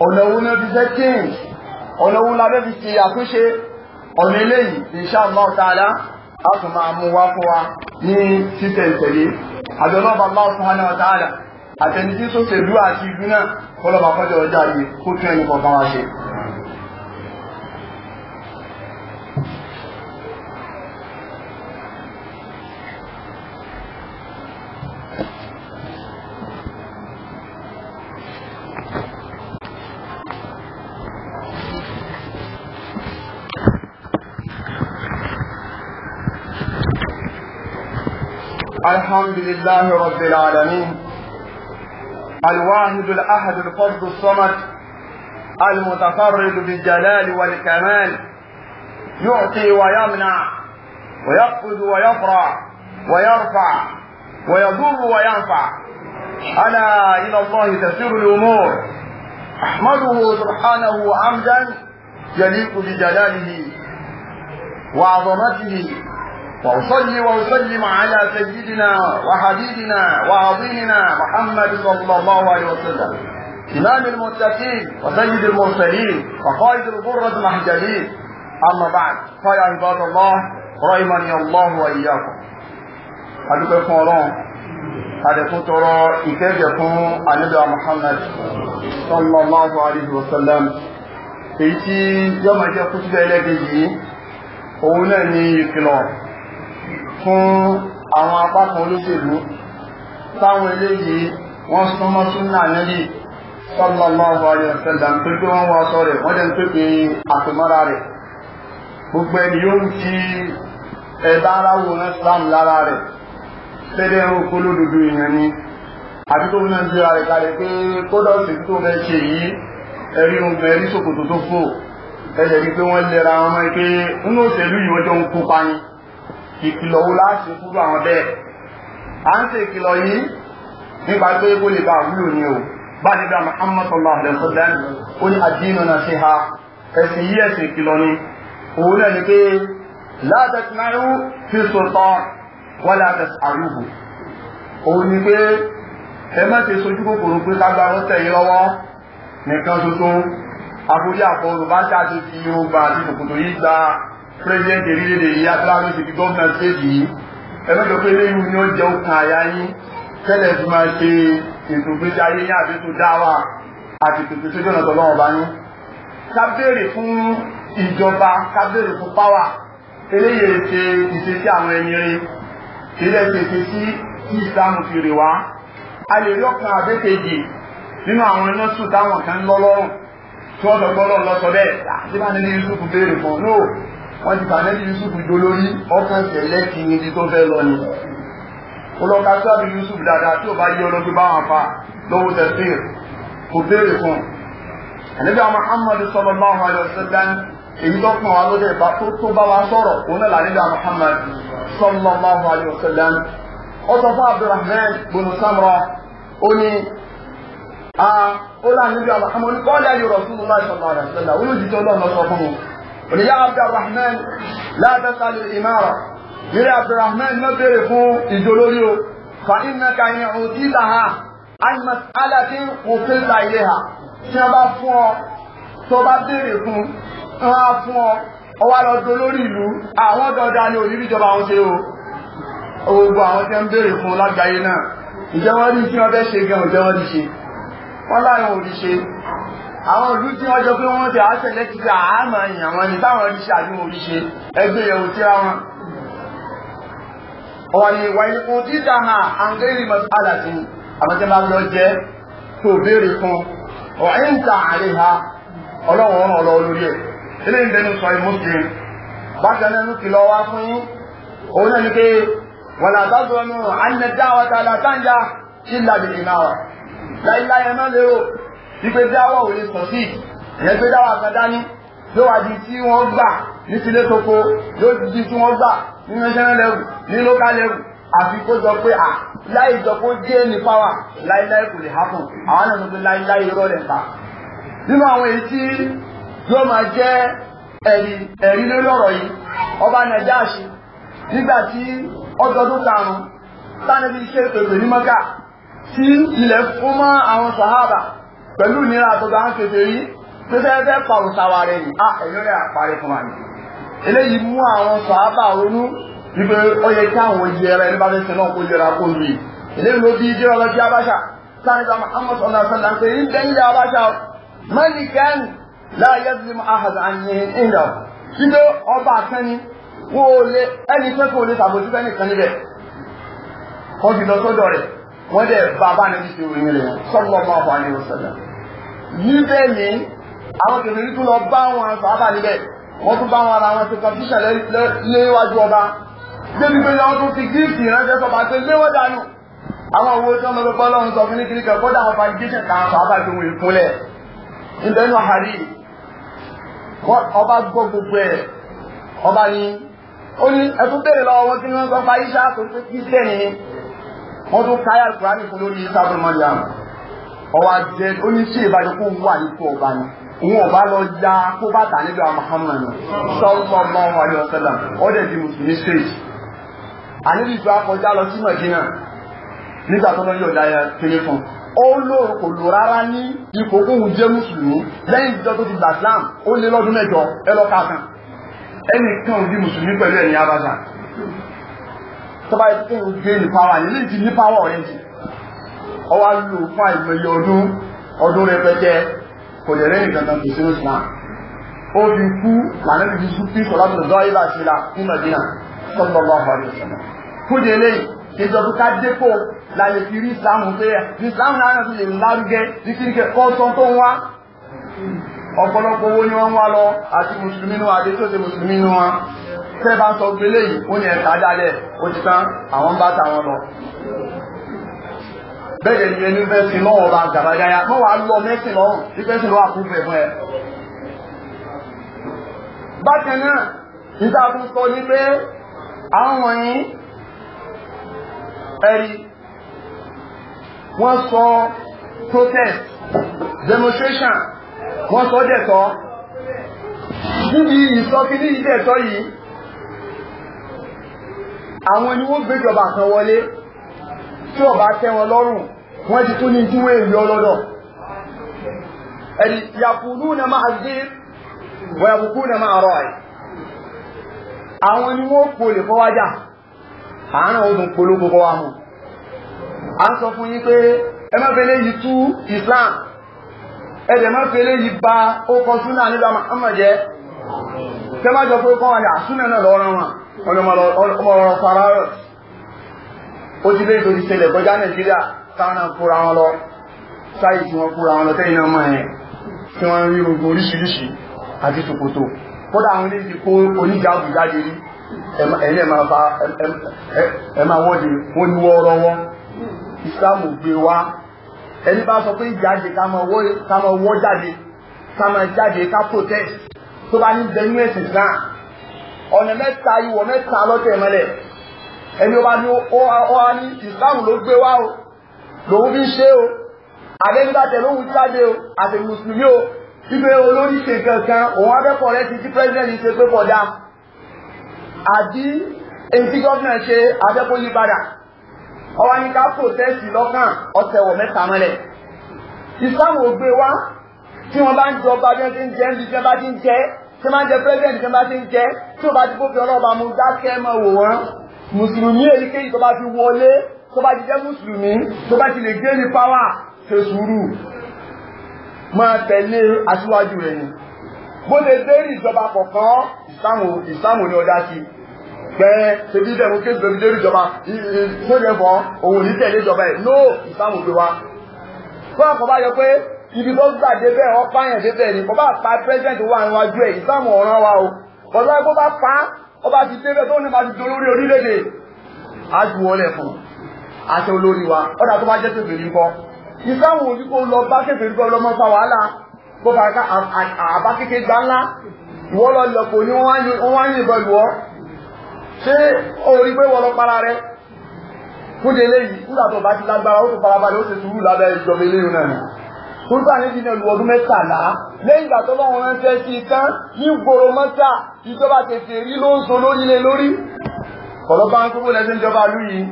ọ̀nà wo ni ó ti fẹ́ change ọ̀nà wo la fi ṣe àtúnṣe ọ̀nà eléyìí insha Allah ta'ala a tún máa mú wá fún wa ní títẹ̀ǹtẹ̀lé àbẹ̀lọ́ba Allah subhanahu wa ta'ala àtẹnití sóṣèlú àti ìlú náà kọlọ́ba kọjọ ọjà yìí kó tún ẹnì kọ̀ọ̀kan wá ṣe. الحمد لله رب العالمين الواحد الأحد الفرد الصمد المتفرد بالجلال والكمال يعطي ويمنع ويقفز ويفرع ويرفع ويضر وينفع ألا إلى الله تسير الأمور أحمده سبحانه عمدا يليق بجلاله وعظمته وأصلي وأسلم على سيدنا وحبيبنا وعظيمنا محمد صلى الله عليه وسلم إمام المتقين وسيد المرسلين وقائد الغرة المحجلين أما بعد فيا عباد الله رحمني الله وإياكم هذا القرآن هذا adẹ̀tún tọrọ ìkẹ́gẹ̀ fún محمد صلى الله عليه وسلم إيتي يوم yọ́ máa jẹ́ kútúbẹ̀ ẹlẹ́gẹ̀ yìí fún àwọn apákan olóṣèlú táwọn eléyìí wọ́n súnmọ́ súnmọ́ ànábì sallallahu alaihi wasallam ń pépé wọ́n wọ aṣọ rẹ̀ wọ́n dẹ̀ ń pépé àtòmọ́ra rẹ̀ gbogbo ẹni yóò ń fi ẹ̀dá aláwòrán islam lára rẹ̀ fẹ́rẹ̀ ń kó lódodo èèyàn ni àti tó náà gbéra rẹ̀ kalẹ̀ pé kódà òsì tó fẹ́ ṣe yìí ẹ̀rí ohun ẹ̀rí ṣòkòtò tó fò ẹ̀jẹ̀ ni pé wọ́n lera wọn mọ́ pé nínú òṣèlú yìí wọ́n jọ ń kópa ni ìkìlọ̀ wo láti fúrú àwọn bẹ́ẹ̀ à ń ṣe ìkìlọ̀ yìí nípa pé kó lè bá wúlò ní o bá nígbà Muhammad sallallahu alaihi wa sallam ó ní àdínà náà ṣe ha ẹ̀sìn yìí ẹ̀sìn ìkìlọ̀ ni òun náà ni pé látàtìmáyú fi sultan wọ́n látàtàrúhù òun ni pé ẹ má ṣe sojú kòkòrò pé kágbàrú tẹ̀yí lọ́wọ́ nìkan tuntun àbúrí àpọ̀ yorùbá àti president orílẹ̀-èdè yìí aláwọ̀ ti fi gọ́ọ̀nà stéèdì yìí ẹ mẹ́jọ pé léyìn ni ó jẹ́ òkun àyà yín tẹ́lẹ̀ fi máa ṣe ètò ìgbésí ayé yín àti ètò dáwà àti ètò ìgbésí ọ̀nà tọ́lọ́ ọba yín. kábéèrè fún ìjọba kábéèrè fún páwà eléyìí ṣe ìṣesí àwọn ẹni rí kì í lẹ́ ṣe ìṣesí tí ìsìlámù fi rè wá. a lè rí ọ̀kan àbẹ́kejì nínú àwọn iná sùn táwọn kan lọ́lọ́rùn tí wọ́n sọ gbọ́dọ̀ lọ sọ bẹ́ẹ̀ wọ́n ti tàbí Yusuf jó lórí ọkàn tẹ̀lẹ́ kí ni ibi tó fẹ́ lọ ni ọlọ́ka sábì Yusuf dáadáa tí ó bá yí ọlọ́gbé bá wọn fa lọ́wọ́ tẹ̀síìr kò béèrè fún ẹ̀nẹ́bí àwọn Muhammad sallallahu alaihi wasallam èyí tó pọ̀ wá lóde ìbá tó tó bá wa sọ̀rọ̀ òun náà lànà ìbá Muhammad sallallahu alaihi wasallam ọ̀sọ̀ fún Abdurrahman bin Samra ó ní a ah, ó lànà ìbá Muhammad kọ́ńdà yóò rọ̀ fún mi láì sọ̀rọ̀ àdàsílẹ̀ òní yá abdulrahman látàtàlù ìmára nílé abdulrahman náà béèrè fún ìjólórí o fa iná ka ìyẹn òun tí ta ha àìmọ̀ aláti kò fi ta ilé ha tí wọ́n bá fún ọ tó bá béèrè fún wọ́n á fún ọ ọwọ́ lọ dolórí ìlú àwọn dọ̀dà ni òní ìjọba àwọn ṣe o gbogbo àwọn tí wọ́n béèrè fún lágbàáyé náà ìjẹ́wọ́n ní tí wọ́n fẹ́ ṣe gan ìjẹ́wọ́n ti ṣe wọ́n láyọ̀ òní ṣe àwọn ìlú tí wọ́n jọ pé wọ́n ti àṣẹlẹ̀ ti gba àmọ́ èèyàn wọn ni táwọn ti ṣàbí wọn ṣe ẹgbẹ́ yẹ̀wò síra wọn. ọ̀wọ́n ni wàyí kò títà hàn àǹgẹ́rì mọ́sálà sí àwọn tí wọ́n lọ jẹ́ tó béèrè fún ọ̀hìn ta àárẹ̀ ha ọlọ́wọ́n ọ̀rọ̀ olórí ẹ̀ ilé ìdẹnu sọ ìmúslim bákan náà ló kìlọ̀ wá fún yín òun náà ni pé wọ́n làtàdùn ọ̀nà wípé dáwọ̀ ò lè sàn sí ìyẹn pé dáwọ̀ kan dání ló wá di tí wọ́n gbà ní tilé toko yóò di tí wọ́n gbà ní national level ní local level àfi kó jọ pé à láì jọ kó jẹ́ ní pàwà láíláí kò lè happen àwọn náà ló fi láíláí rọ́ọ̀lẹ̀ pa nínú àwọn èyí tí yóò máa jẹ́ ẹ̀rí ẹ̀rí lórí ọ̀rọ̀ yìí ọba nàjáàṣì nígbà tí ọdọọdún karùn-ún tánàbí ṣe pèpè ní mọ́kà tí ilẹ̀ fún mọ́ àwọn sàhábà pẹ̀lú ìnira àtọ́gbà ń kéde rí tó fẹ́ fẹ́ pa òǹtawà rẹ̀ yìí á ẹ̀yọ́ rẹ̀ àparẹ́ fún wa ni. eléyìí mú àwọn sàábà ronú wípé ó yẹ kí àwọn yẹra ẹni bá fẹ́ sẹ́ náà kó yẹra kó lu yìí. eléyìí ló bí ìdí ọlọ́jì abáṣà sani bá muhammad sọ̀nà sọ̀nà pé ń bẹ́ ilé abáṣà mẹ́nìkan láàyè ti mú ahàzà àyìn ìlọ. ibi ọba àtẹni wọ́n ò lé ẹni fẹ́ kó lè tàbójú fẹ́ nìkan níbẹ̀ kọ́ wọ́n dẹ̀ bàbá ní ti ròyìn rẹ̀ sallallahu alaihi wasallam. níbẹ̀ ni àwọn kèfèrí tún lọ bá wọn bàbá níbẹ̀ wọ́n tún bá wọn ara wọn ti léwájú ọba débi pé wọ́n tún fi gíìsì ránṣẹ́ sọ́ba pé léwọ́ dànù àwọn owó tí wọ́n lọ bọ́ lọ́run sọ fún ní kiri kẹ́kọ́ dáhùn validation kan bàbá tó wù àhárí ọba gbọ́ gbogbo ẹ̀ ọba ni ó ní wọ́n tún káyà kúránì fún lórí sábà mọ́lẹ́yàm ọwọ́ jẹ oníṣe ìbàdàn kó wà nípò ọba ni wọn ò bá lọ ya kó bá tà níbi àwọn Muhammadu sallallahu alaihi wasallam ọdẹ di mùsùlùmí stage àníbi ìjọ akọjá lọ sí Mẹdínà nígbà tó lọ yọ̀ọ̀dá yẹn kéré fún un ó lóòrò kò lò rárá ní ipò kóhun jẹ́ mùsùlùmí lẹ́yìn ìjọ tó ti gbà Islam ó lé lọ́dún mẹ́jọ ẹ lọ kàkan ẹnì kan ò di mùsùlùmí pẹ̀lú ẹ̀yìn abàzà tọ́ba yẹ kó ń gbé ní pàwọ́ àyè léyìí ti ní pàwọ́ ọ̀rẹ́ ti ọwọ́ alù fún àìmọye ọdún ọdún rẹpẹtẹ kò lè rẹ́yìn kankan kò sínú ìsìlá ó fi kú lànà ìdí sùpí sọ̀rọ̀ àti ọ̀dọ́ ayélujára ṣe la ní Madina sọ́dọ̀ bá wà ní ìsìlá fúdi eléyìí ìjọba ká dépò láyé fi rí ìsìlámù pé ìsìlámù náà ti lè lárugẹ ní kíríkẹ kọ́ńtọ́ tó ń wá ọ̀pọ̀lọpọ̀ owó ni wọ́n ń wá lọ àti mùsùlùmí nu àdéjọ́ tẹ́ bá ń sọ gbélé yìí ó ní ẹ̀ka dálẹ̀ ó ti tán àwọn bá tàwọn lọ. bẹ́ẹ̀ ni ẹni fẹ́ sin bá gàbàgáyà wọ́n wàá lọ mẹ́sìn lọ́rùn bí fẹ́ sin lọ́wọ́ fún ẹ. bákan náà níta fún sọ ní pé àwọn wọ̀nyí ẹ̀rí wọ́n sọ protest demonstration wọ́n sọ dẹ̀tọ́ níbi ìsọkí ìdẹ̀tọ́ yìí àwọn ni wọ́n gbéjọba kan wọlé tí ọba tẹ́ wọn lọ́rùn wọ́n ti tún ní ìdúwé ìlú ọlọ́dọ̀ ẹ̀dì yàkùnú na máa na máa rọ̀ ẹ̀ àwọn ni wọ́n polè fọ́wájà àárín ọdún polówó kọ́ wa mú a ń sọ fún pé ẹ má tú Islam ẹ dẹ̀ má yìí ba ó súnà nígbà máa jẹ́ tẹ́ má jọ pé kọ́ súnà wọ́n ni ọmọ ọ̀rọ̀ fara rẹ̀ ó ti lé ìtòjì tẹlẹ̀ kọjá nàìjíríà táwọn kúra wọn lọ sáyì tí wọ́n kúra wọn lọ tẹ́yìn ọmọ ẹ̀ tí wọ́n rí ogun oríṣiríṣi àti ṣòkòtò kódà àwọn ilé ti kó oníjàgùn jáde rí ẹ̀yìn ẹ̀ máa fa ẹ̀ máa wọ́de wọ́n ní wọ́ ọ̀rọ̀ wọn ìsìlámù gbé wá ẹni bá sọ pé ìjáde ká máa wọ́ jáde ká máa jáde ká protest tó bá ní bẹ́ẹ̀ ní ẹ̀sìn náà ọ̀nà mẹ́ta ìwọ̀ mẹ́ta lọ́tẹ̀ mọ́lẹ̀ ẹni ó bá ní ó wá ní Islam ló gbé wá o lòun fi ń ṣe o àdéhùndàtẹ̀ lóhun jáde o àti mùsùlùmí o ibẹ̀ olórí ṣe kankan òun akẹ́kọ̀ọ́ rẹ ti ti pẹ́sidẹ́ntì ṣe pé kọjá àbí èyí tí gọ́ọ̀nà ṣe abẹ́kọ̀ yí padà ọwọ́ ní ká protest lọ́kàn ọ̀sẹ̀ wọ̀ mẹ́ta mọ́lẹ̀ Islam ò gbé wá tí wọ́n bá ń jọba bí wọ́n ti ń jẹ́ ń bí wọ́n bá ti ń jẹ́ tí wọ́n jẹ president tí wọ́n bá ti ń jẹ tí wọ́n bá ti bófin ọlọ́ọ̀bá mu dákẹ́ mọ̀ wò wọ́n mùsùlùmí èyíkéyìí tó bá ti wọlé tó bá ti jẹ́ mùsùlùmí tó bá ti lè gé ní pàwà ṣe sùúrù máa tẹ̀lé aṣíwájú rẹ̀ ni bó lè dé ní ìjọba kọ̀ọ̀kan ìsáàmù ni ọjà sí pẹ́ ṣebí dẹ̀mú kéṣù lórí dé ìjọba tó yẹ fọ́ òun ò ní tẹ̀lé ìjọba no ìsáàmù pé wa. fún àkọ́bá yọ ibi tó gbà débẹ̀ ọ pààyàn débẹ̀ ni kò bá pa president wà níwájú ẹ̀ ìsáàmù ọ̀ràn wa o bọ̀dá kó bá pa ó bá ti débẹ̀ tó ní bá ti dolórí orílẹ̀-èdè á ju wọlé fún àti olórí wa ọ̀dà tó bá jẹ́ tèbèrè ńkọ́ ìsáàmù òbí kò lọ bá tèbèrè kọ́ lọ́mọ fa wàhálà kó bá ká àbá kékeré gbá ńlá ìwọ́ lọ lọ̀pọ̀ ni wọ́n wá ń yìnbọn lùọ́ ṣé orí pé wọ́n lọ para rẹ̀ kúndé léyìí nígbà tó bá ti lágbára ó tó farabalẹ̀ ó ti sùúrù lábẹ́ ìjọba eléyìí náà kúrúbà níbi náà lu ọdún mẹ́tàlá lẹ́yìn ìgbà tó lọ́wọ́ ránṣẹ́ sí i tán ní gbòòrò mọ́tà ìjọba tètè rí ló ń so lórí lé lórí. ọ̀lọ́ba ń kúrò lẹ́sìn ìjọba lú yìí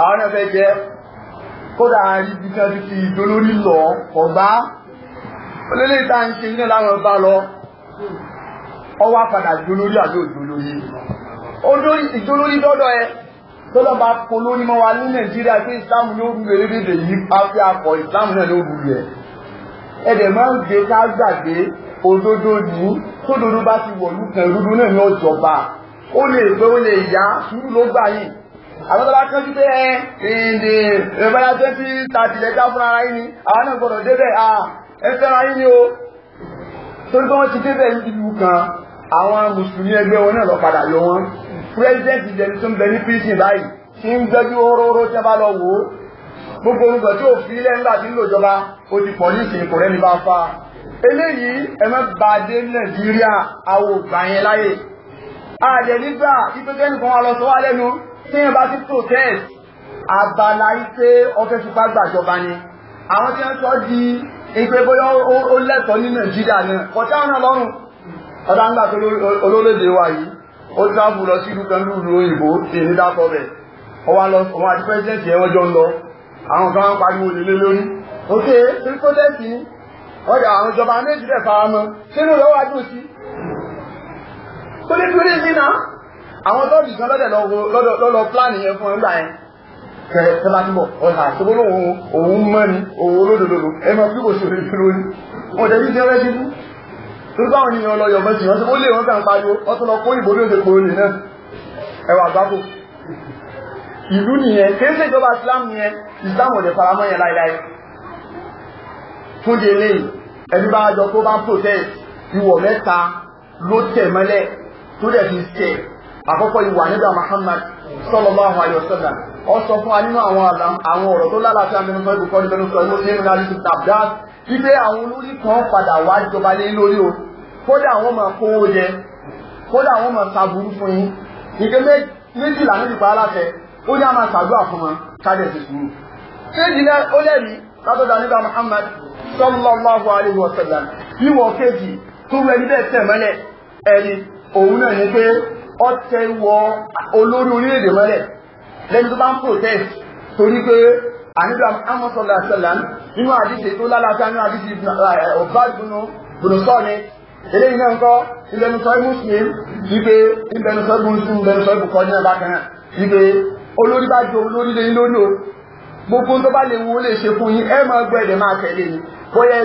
àwọn náà fẹ́ jẹ́ kódà ibi kan ti fi ìdólórí lọ ọ̀gbá olólè tá à ń ṣe iná láwọn ọba lọ ọwọ́ apàdà ìdólórí àbí òdólórí ìdólórí dọ́dọ̀ ẹ tọ́lọ́ bá polórí mọ́ wa ní nàìjíríà pé islam yóò rú rẹ̀ lédè yìí àfi akọ islam náà ló rú rẹ̀ ẹ̀dẹ̀ máa ń gbé ká gbàgbé òdodo ní tódodo bá ti wọ̀lú kan dúdú náà ní ọjọba ó lè pé ó lè yá sùúrù ló gbà yìí àwọn tọ́lá kánjú pé ẹ ẹ̀ǹdè ìbára tó fi tàbí lẹ́jà fúnra ara yín ni àwọn náà gbọ́dọ̀ débẹ̀ à ẹ fẹ́ràn yín ni o torí pé wọ́n ti débẹ̀ níbi ìlú kan àwọn mùsùlùmí ẹgbẹ́ wọn náà lọ padà yọ wọn president ìjẹ̀lú tó ń bẹ ní pc báyìí tí ń gbẹ́jú hóróró tí wọ́n bá lọ wò ó gbogbo orúkọ tí ò fi lẹ́yìn láti ń lòjọba ó ti pọ̀ nísìnyí kò rẹ́ni bá fa eléyìí ẹ má ba nàìjíríà àwọn ògbà yẹn láyè àjẹ nígbà ìpínlẹ̀ nìkan wa lọ sọ lẹ́nu tí yẹn bá ti protest abala ipe ọfẹ́ fipá gbàjọba ni àwọn tí wọ́n sọ di ipe bóyá ó lẹ́tọ̀ọ́ ní nàìjíríà náà kọ̀ọ̀tà ọ̀nà lọ́rùn ọ̀dà ńgbà tó olólèdè wa yìí ó tíráàbù lọ sí ìlú kan lúlu òyìnbó tí èyí dákọ̀ bẹ̀ ọwọ́ àti pẹ́sidẹ́ntì ẹ̀ wọ́n jọ ń lọ àwọn kan ń pariwo lélẹ́ lórí ok three percent ni ọjà àwọn ìjọba méjì dẹ̀ fara mọ́ sínú rẹ̀ wá sí. ó ní mi náà àwọn tọ́ọ̀dì kan lọ́dẹ̀ lọ́lọ́ pílánì yẹn fún ẹgbà yẹn tẹ́lájúbọ̀ ọ̀sà tó gbọ́dọ̀ òun mọ́ ni òun olódodo ẹ máa bí kò ṣòro ìṣòro ni wọ́n tẹ̀lé ìṣẹ́ rẹ́ torí báwọn ni ìyàn lọ́yọ̀ mẹ́sì wọ́n tí ó lè wọ́n kàn pariwo wọ́n tó lọ kó ìbò lóde kò lè náà ẹwà gbáko ìlú nìyẹn kéèsè ìjọba Islam nìyẹn Islam ò lè fara mọ́ yẹn láíláí fún di eléyìí ẹni bá jọ tó bá ń protest ìwọ̀ mẹ́ta ló tẹ̀ mọ́lẹ̀ tó dẹ̀ fi tẹ̀ àkọ́kọ́ ìwà nígbà Muhammad sallallahu alaihi wasallam ọ sọ fún wa nínú àwọn àwọn ọ̀rọ̀ tó lálàáfíà mẹ́nu fún ẹgbẹ́ kọ́ni mẹ́nu sọ ẹgbẹ́ mẹ́nu náà ti tàbí dá wípé àwọn olórí kan padà wá jọba lé lórí o kódà àwọn máa kówó jẹ kódà àwọn máa sàbúrú fún yín nìkan méjìlá níbi pa aláṣẹ ó ní a máa sàdúrà fún wọn kádẹ̀ sí sùúrù kéjì náà ó lẹ́rìí látọ̀dá nígbà Muhammad sallallahu alayhi wa sallam ìwọ̀ kéjì tó rẹ̀ níbẹ̀ tẹ̀ mọ́lẹ̀ ẹni òun náà ní pé ọ tẹ wọ olórí orílẹ̀-èdè mọ́lẹ̀ lẹ́ni tó bá ń protest torí pé àníbà Muhammad sallallahu alayhi wa sallam nínú àdìsí tó lálàáfíà nínú àdìsí ọ̀bá ìbùnú bùnú sọ́ni eléyìí náà ń kọ́ ìbẹnusọ muslim wípé ìbẹnusọ muslim ìbẹnusọ ìbùkọ́ ní ọba kan wípé olórí bá jọ olórí lé lórí o gbogbo tó bá lè wo lè ṣe fún yín ẹ máa gbọ́ ẹ̀dẹ̀ máa tẹ̀lé ni bóyá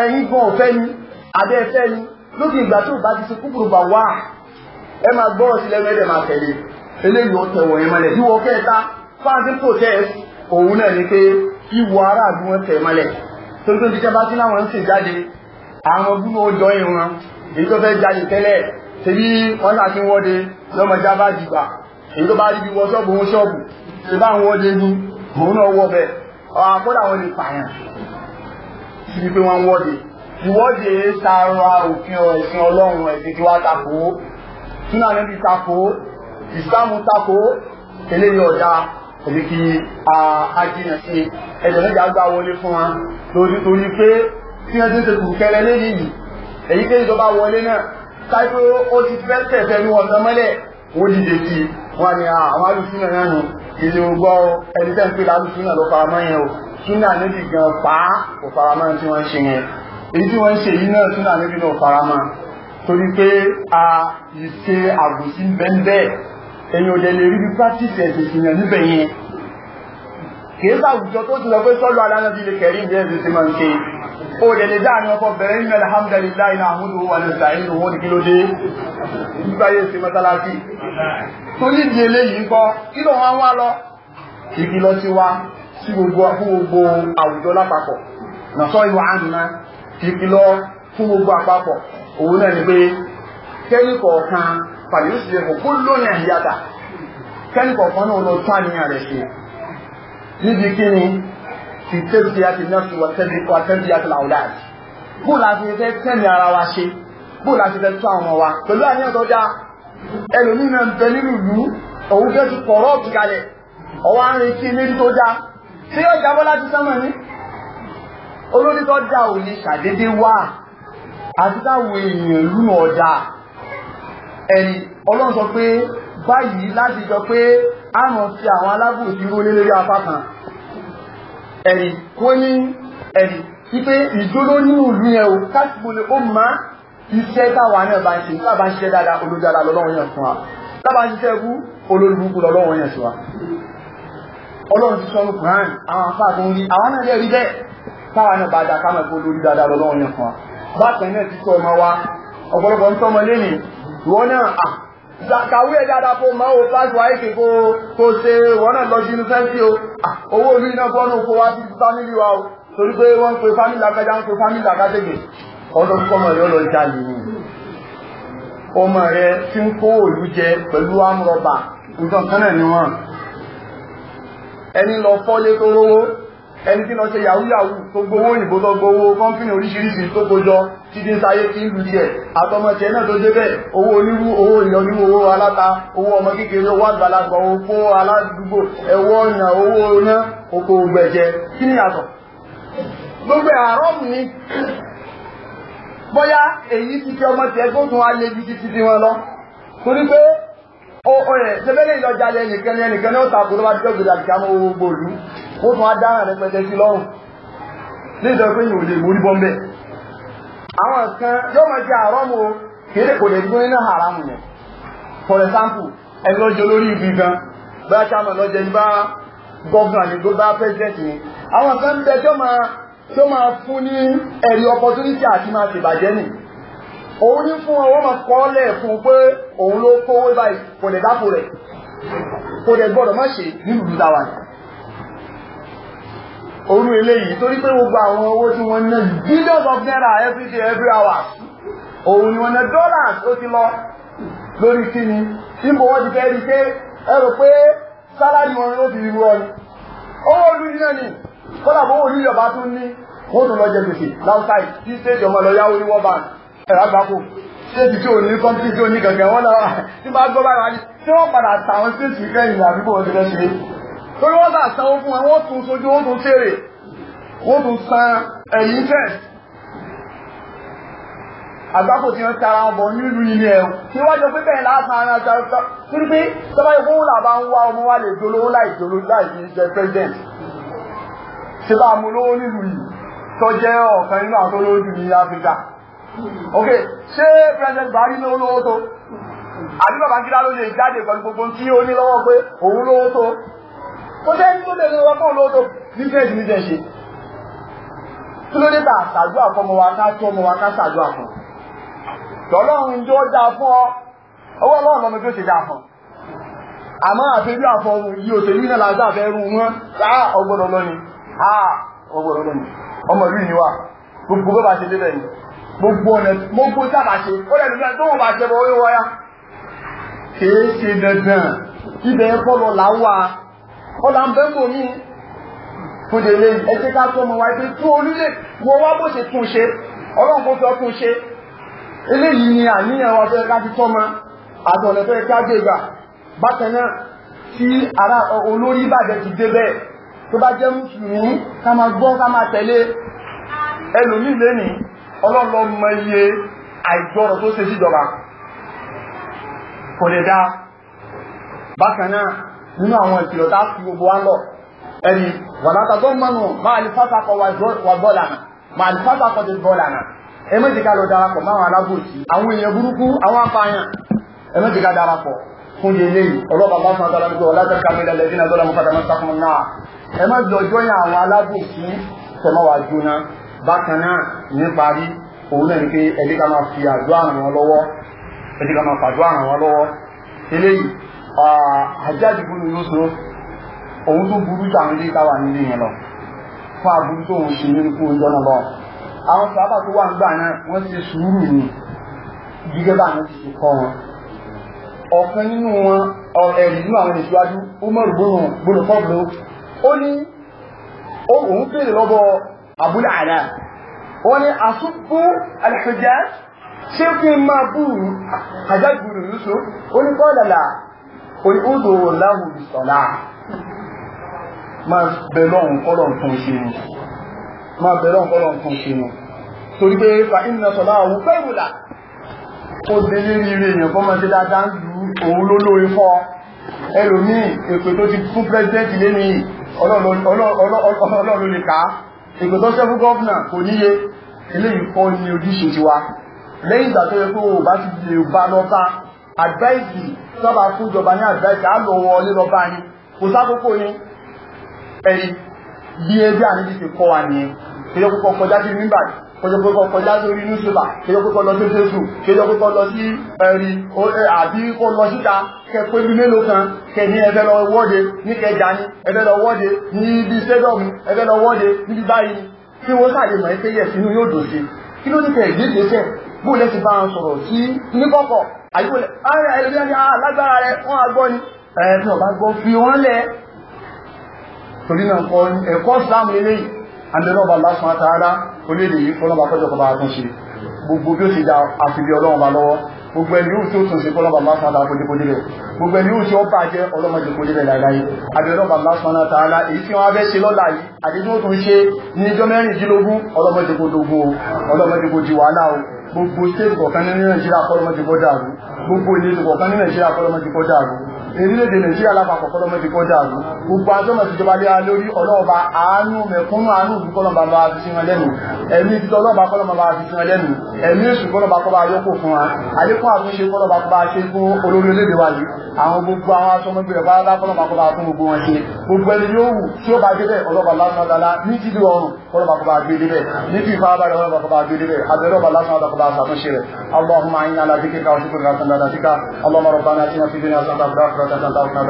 ẹ̀yin gan ọ̀fẹ́ ni abẹ́ ẹ̀fẹ́ ni lókè ìgbà tó bá ti ṣe kúkúrú bá wà ẹ máa gbọ́ ọ̀sìn lẹ́nu ẹ̀dẹ̀ máa tẹ̀lé eléyìí ọ̀tẹ̀ wọ̀nyẹn mọ́lẹ̀ ìwọ kẹta fáńtì protest òun náà ni pé ìwọ aráàlú wọn tẹ̀ mọ́lẹ̀ torí pé jíjẹ́ bá ti láwọn ń sìn jáde àwọn ọdún ó jọ ìran èyí tó fẹ́ jáde tẹ́lẹ̀ tẹ́bí wọ́n sá ti wọ́de lọ́mọdé bá dìgbà èyí tó bá rí bí wọ́n ṣọ́ọ̀bù wọn ṣọ́ọ̀bù ṣe bá wọn wọ́de ní òun náà wọ́ bẹ́ẹ̀ àkọ́dà wọn lè pààyàn síbi pé wọ́n wọ́de ìwọ́de sára òfin ẹ̀sìn ọlọ́run ẹ̀sìn tí wàá takò súnà níbi takò ìsìlámù takò eléyìí ọ̀dà èyí kí ajínà sí ẹ̀jọ̀ níjà gbà wọlé fún wa lórí torí pé tí wọ́n ti ṣe kù kẹlẹ lẹ́yìn yìí èyíkéyìí tó bá wọlé náà tájú ó ti fẹ́ tẹ̀fẹ́ ní ọ̀sán mọ́lẹ̀ wọ́n dìde sí i wọ́n ní ah, àwọn alùsùnà náà nù ìlú gbọ́ ẹni tẹ́ ń pè lálùsùnà ló faramọ́ yẹn o súnà níbi gan pa kò faramọ́ tí wọ́n ń ṣe yẹn èyí tí wọ́n ń ṣe yìí náà súnà níbi náà faramọ́ torí pé a ìṣe àbùsí bẹ́ẹ̀ bẹ́ẹ̀ ẹ̀yin ò dẹ̀ lè rí bí kìí sáwùjọ tó ti sọ pé sọ́lọ́ aláàbí lè kẹ̀rí ìdí ẹ̀sìn sí máa ń ṣe ó lè lè dáàrin ọkọ̀ bẹ̀rẹ̀ nínú alhamdulillah iná àmúlò wà ní ìsàínú wọn kí ló dé nígbàyé sí mọ́sálásí tó ní ìdí eléyìí ń kọ́ kí ló wá lọ sí wa sí gbogbo fún gbogbo àwùjọ lápapọ̀ nàṣọ ìwà àná ìkìlọ̀ fún gbogbo àpapọ̀ òun náà ni pé kọ̀ọ̀kan níbi kíni ti tẹ́sí àti nọ́ọ̀sì wọ̀tẹ́bí àti làwùdáàdì bó la fi fẹ́ tẹ́mi ara wa ṣe bó la fi fẹ́ tó àwọn wa pẹ̀lú àyàn tó dá ẹlòmíì náà ń bẹ nínú ìlú òun fẹ́ ti pọ̀ rọ́ọ̀bù kalẹ̀ ọwọ́ àárín kí lérí tó dá tí yóò jábọ́ láti sánmọ̀ ní olórí tó dá òní kàdédé wá àti táwọn èèyàn ìlú ọ̀dà ẹ̀yìn ọlọ́run sọ pé báyìí láti sọ pé a mọ̀ fi àwọn alábòsí rólé lórí apá kan ẹ̀rì kó ní ẹ̀rì wípé ìdúró ní ìlú yẹn o káàkiri lè ó máa iṣẹ́ táwa náà bá ń ṣe nígbà bá ń ṣiṣẹ́ dáadáa olójára lọ́lọ́run yàn fún wa lábà ń ṣiṣẹ́ ikú olólùkù lọ́lọ́run yàn sí wa ọlọ́run ti sọ́nu Quran àwọn afá tó ń rí àwọn náà lè rí bẹ́ẹ̀ táwa náà bá da ká mọ̀ olórí dáadáa lọ́lọ́run yàn fún wa bákan kàwé dáadáa kó máa wo fáṣọ àìkè kó kó ṣe wọn náà lọ sí yunifásitì o ah, owó mi náà bọ́nù kó wá sí fámìlì wa o torí pé wọ́n ń pe fámìlì akájá ń pe fámìlì akátẹ́gẹ̀ ọdún kọ́mọ yóò lọ jalè ni ọmọ rẹ ti ń kó òòlù jẹ pẹ̀lú amúrọ̀bà nǹkan kan náà ni wọ́n ẹni lọ fọ́lé tó rówó ẹni tí lọ ṣe yahoo yahoo tó gbowó òyìnbó tó gbowó kọ́ńpìnì oríṣiríṣi tó kojọ títí ń sáyé tí ń lu díẹ̀ àtọmọtẹ náà tó débẹ̀ owó onírú owó ìyọnú owó aláta owó ọmọ kékeré owó àgbàlagbà owó fún aládùúgbò ẹwọ ọyàn owó oná oko ògbẹ̀jẹ kí ni yàtọ̀ gbogbo àárọ̀mù ni bóyá èyí ti fi ọmọ tiẹ̀ gbóòtún alẹ́ ju títí ti wọn lọ torí pé ó ẹ̀ ṣẹbẹ́lẹ́ ìlọjà lẹ́nìkan lẹ́nìkan ní ó ta kó tó bá dúró gbèdà kí á mọ owó gbòòlù ó tún á dára rẹpẹtẹ sí lọ́rùn nítorí pé yìí ò lè mórí bọ́m̀bẹ̀ àwọn kan yóò máa jẹ àrọ́mù o kéde kò lè dún iná haramu yẹn for example ẹni lọ́jọ́ lórí ibi gan bá chairman lọ́jọ́ ní bá governor ní bá president ní àwọn kan bẹ tó máa tó máa fún ní ẹ̀rí opportunity àti máa ṣèbàjẹ́ nì òun ní fún ọ wọ́n máa kọ́ lẹ̀ fún pé òun ló kówó báyìí kò lè dáko rẹ̀ kò lè gbọ́dọ̀ má ṣe nílùú ìdáwà yìí orú eléyìí torí pé gbogbo àwọn owó tí wọ́n ná billions of naira every day every hour òun ni wọ́n ná dollars ó ti lọ lórí kíni níbo wọ́n ti fẹ́ rí pé ẹ rò pé sálárì wọn ló fi ru ọ ni owó olú iná ni kódà bó wò ní ìjọba tún ní wọ́n tún lọ jẹ gbèsè láwùsáì tí stéèjì ọmọ lọ yáwó ní wọ́n bá ẹ̀rọ àgbákò ṣéèkì tí ò ní kọ́ńtì tí ò ní gàngàn wọn náà tí bá gbọ́ báyìí tí wọ́n padà tàwọn ṣéèkì kẹ́yìn àdúgbò wọn torí wọ́n bá sanwó fún wọn wọ́n tún sojú wọ́n tún tèrè wọ́n tún san ẹ̀yìn tẹ̀. àgbákò tí wọ́n tara wọn bọ̀ nínú ilé ẹ̀ kí wọ́n jọ pé bẹ́ẹ̀ lásán ara ta ta torí pé tọ́ba yìí fún làbá ń wá ọmọ wa lè dolówó láì dolówó láì ní jẹ president. ṣé bá a mú lówó nílùú yìí tó jẹ́ ọ̀kan nínú àtọ́lówó jù ní Áfíríkà. ok ṣé president Buhari lówó lówó tó àbí bàbá gíga ló lè jáde pẹ̀lú gbogbo tí ó ní lọ́wọ́ pé òun lówó tó kò sẹ́ni tó lè lọ́wọ́ fún olóòtú business ní jẹ́ ṣe kí ló dé ṣàjú àfọmọ wa ká tó ọmọ wa ká ṣàjú àfọmọ tọ́lọ́run fún ọ ọwọ́ ọlọ́run lọ́mọ tó ṣe dáa fún ọ àmọ́ àfẹ́bí àfọ̀hún yí òṣèlú náà fẹ́ rú wọn lọ́ni lọ́ni ọmọ ìlú ìníwà gbogbo bá ṣe débẹ̀ yìí gbogbo ọ̀nà gbogbo sábà ṣe ó lẹ́nu ọ̀là ń bẹ́ bò mí fún délé ẹjẹ́ ká tó ọmọ wa pé tún orílẹ̀ wo wá bó ṣe tún ṣe ọlọ́run kó fẹ́ tún ṣe eléyìí ni àníyàn wa fẹ́ ká ti tọ́mọ àtọ̀nà fẹ́ ká gbé gbà bákan náà tí ara olórí ìbàjẹ́ ti dé bẹ́ẹ̀ tó bá jẹ́ mùsùlùmí ká máa gbọ́ ká máa tẹ̀lé ẹlòmíì lẹ́nìí ọlọ́lọ́ mọ iye àìgbọ́rọ̀ tó ṣe síjọba kò lè dá bákan náà nínú àwọn ìkìlọ̀ tá a fi gbogbo wa lọ ẹni wàlátà tó mọ́nu máa lè fásakọ̀ wà bọ́ọ̀lànà máa lè fásakọ̀ ti bọ́ọ̀lànà ẹ méjì ká lọ darapọ̀ máwọn alábòsí àwọn èèyàn burúkú àwọn apààyàn ẹ méjì ká darapọ̀ fún di eléyìí ọlọ́ba bá fún agbára nígbà ọ̀làjà kàmílà lẹ́bí náà lọ́la mọ́tàdá mọ́tà fún náà ẹ má yẹn àwọn jóná bákan náà ní parí òun náà pé Ah, Hajjaj ibn Yusuf òun tó burú jù àwọn ilé táwa nílé yẹn lọ fún aburú tó ń ṣe nínú fún oúnjẹ náà lọ àwọn sábà tó wà nígbà náà wọ́n ṣe sùúrù ni gígé bá àwọn ti ṣe kọ́ wọn ọ̀kan nínú wọn ẹ̀rí nínú àwọn ìṣíwájú Umar gbọ́nà fọ́ọ̀lù ó ní òun fèrè lọ́bọ̀ Abul Ala wọ́n ní àsùpù al-Hajjaj ṣé kí n máa bú Hajjaj ibn Yusuf ó ní kọ́ orí ó dò ó láwù ìsọ̀lá máa bẹ̀rọ ọ̀nkọ́lọ̀ tún ṣe ni máa bẹ̀rọ ọ̀nkọ́lọ̀ tún ṣe ni torí pé fa iná sọ̀lá òun fẹ́ ìwòlà ó dé lérí ire èèyàn fọ́ máa ṣe dáadáa ń lu òun ló lóore fọ́ ẹlòmíì èpè tó ti fún pírẹsidẹ́ǹtì lé ní lè ká èpè tó ṣẹ́ fún gọ́ọ̀nà kò níye eléyìí kọ́ ni ojúṣe tiwa lẹ́yìn ìgbà tó yẹ pé òun bá ti lè bá lọ́ta àdváìsì tọ́ba fún ìjọba ní àdváìsì á lọ wọlé lọ bá ní kò sákòókò ní ẹ̀rí bí ẹbí àníbi ti kọ́ wa nìyẹn kéjọ púpọ̀ kọjá sí mímbà kéjọ púpọ̀ kọjá sórí newspaper kéjọ púpọ̀ lọ sí facebook kéjọ púpọ̀ lọ sí ẹ̀rí àbí kó lọ síta kẹ pé bí mélòó kan kẹ ní ẹfẹ́ lọ wọ́de ní kẹjà ní ẹfẹ́ lọ wọ́de ní ibi stadium ẹfẹ́ lọ wọ́de níbi báyìí kí wọ́n sàlè mọ̀ ẹ́ pé yẹ̀ sínú yóò dòṣe kí ló ní kẹ ìdí ìgbésẹ̀ bóòlẹ́ ti bá ń sọ̀rọ̀ sí níkọ̀kọ̀ àyíkòlẹ̀ ara ẹlẹ́gbẹ́ ní alágbára rẹ̀ wọ́n agbọ́ ni ẹ̀ẹ́dùn ọ̀bá gbọ́ fi wọ́n lẹ̀ torí náà kọ́ ẹ̀kọ́ islam lélẹ̀ àmìlọ́ba lásán àtàrà orílẹ̀ yìí fọ́lọ́ba kọjọ kọba àtúnṣe gbogbo bí ó ti da àfibí ọlọ́run bá lọ́wọ́ gbogbo ẹni yóò tí ó tún sí fọ́lọ́ba lásán àtàrà kó dípò délẹ̀ gbogbo ẹni yóò tí ó bà jẹ́ ọlọ́mọdé kó délẹ̀ láìláyé àbẹ̀lọ́ba lásán àtàrà èyí tí wọ́n abẹ́ ṣe lọ́la yìí àdéjọ́ tó ń ṣe ní ọjọ́ mẹ́rìndínlógún ọlọ́mọdé kó dogun ọlọ́mọdé kó di wàhálà o gbogbo stéètì kọ̀ọ̀kan ní Nàìjíríà kọ́lọ́mọ́ ti kọ́ dàrú gbogbo ìletò kọ̀ọ̀kan ní Nàìjíríà kọ́lọ́mọ́ ti kọ́ orílẹ̀-èdè nàìjíríà lápapọ̀ kọ́lọ́mọ́ ti kọjá àrùn gbogbo àjọmọ̀ ìjọba lé lórí ọlọ́ọ̀bá àánú mẹ̀kúnnù àánú ìlú kọ́lọ́mọ bá fi sí wọn lẹ́nu ẹ̀mí ti ọlọ́ọ̀bá kọ́lọ́mọ bá fi sí wọn lẹ́nu ẹ̀mí èṣù kọ́lọ́mọ kọ́ bá yọkò fún wa àlékún àtúnṣe kọ́lọ́mọ bá ṣe fún olórí orílẹ̀-èdè wa yìí àwọn gbogbo àwọn asọmọgbé ọba alá kọ́lọ́mọ kọ́ bá fún gbogbo wọn ṣe gbogbo ẹni yóò wù tí ó bá dé bẹ́ẹ̀ ọlọ́ba lásán dala ní jíde ọrùn kọ́lọ́mọ kọ́ bá gbé dé bẹ́ẹ̀ ní fi ìfarabalẹ̀ ọlọ́ba kọ́ bá gbé dé bẹ́ẹ̀ abẹ́rẹ́ ọba lásán ọlọ́ba kọ́ bá ṣàtúnṣe rẹ̀ allahumma ayin ala dikika wa shukuru rasan dada dika allahumma rabbana atina fi dunya hasanatan wa fil akhirati सर्वकर्ता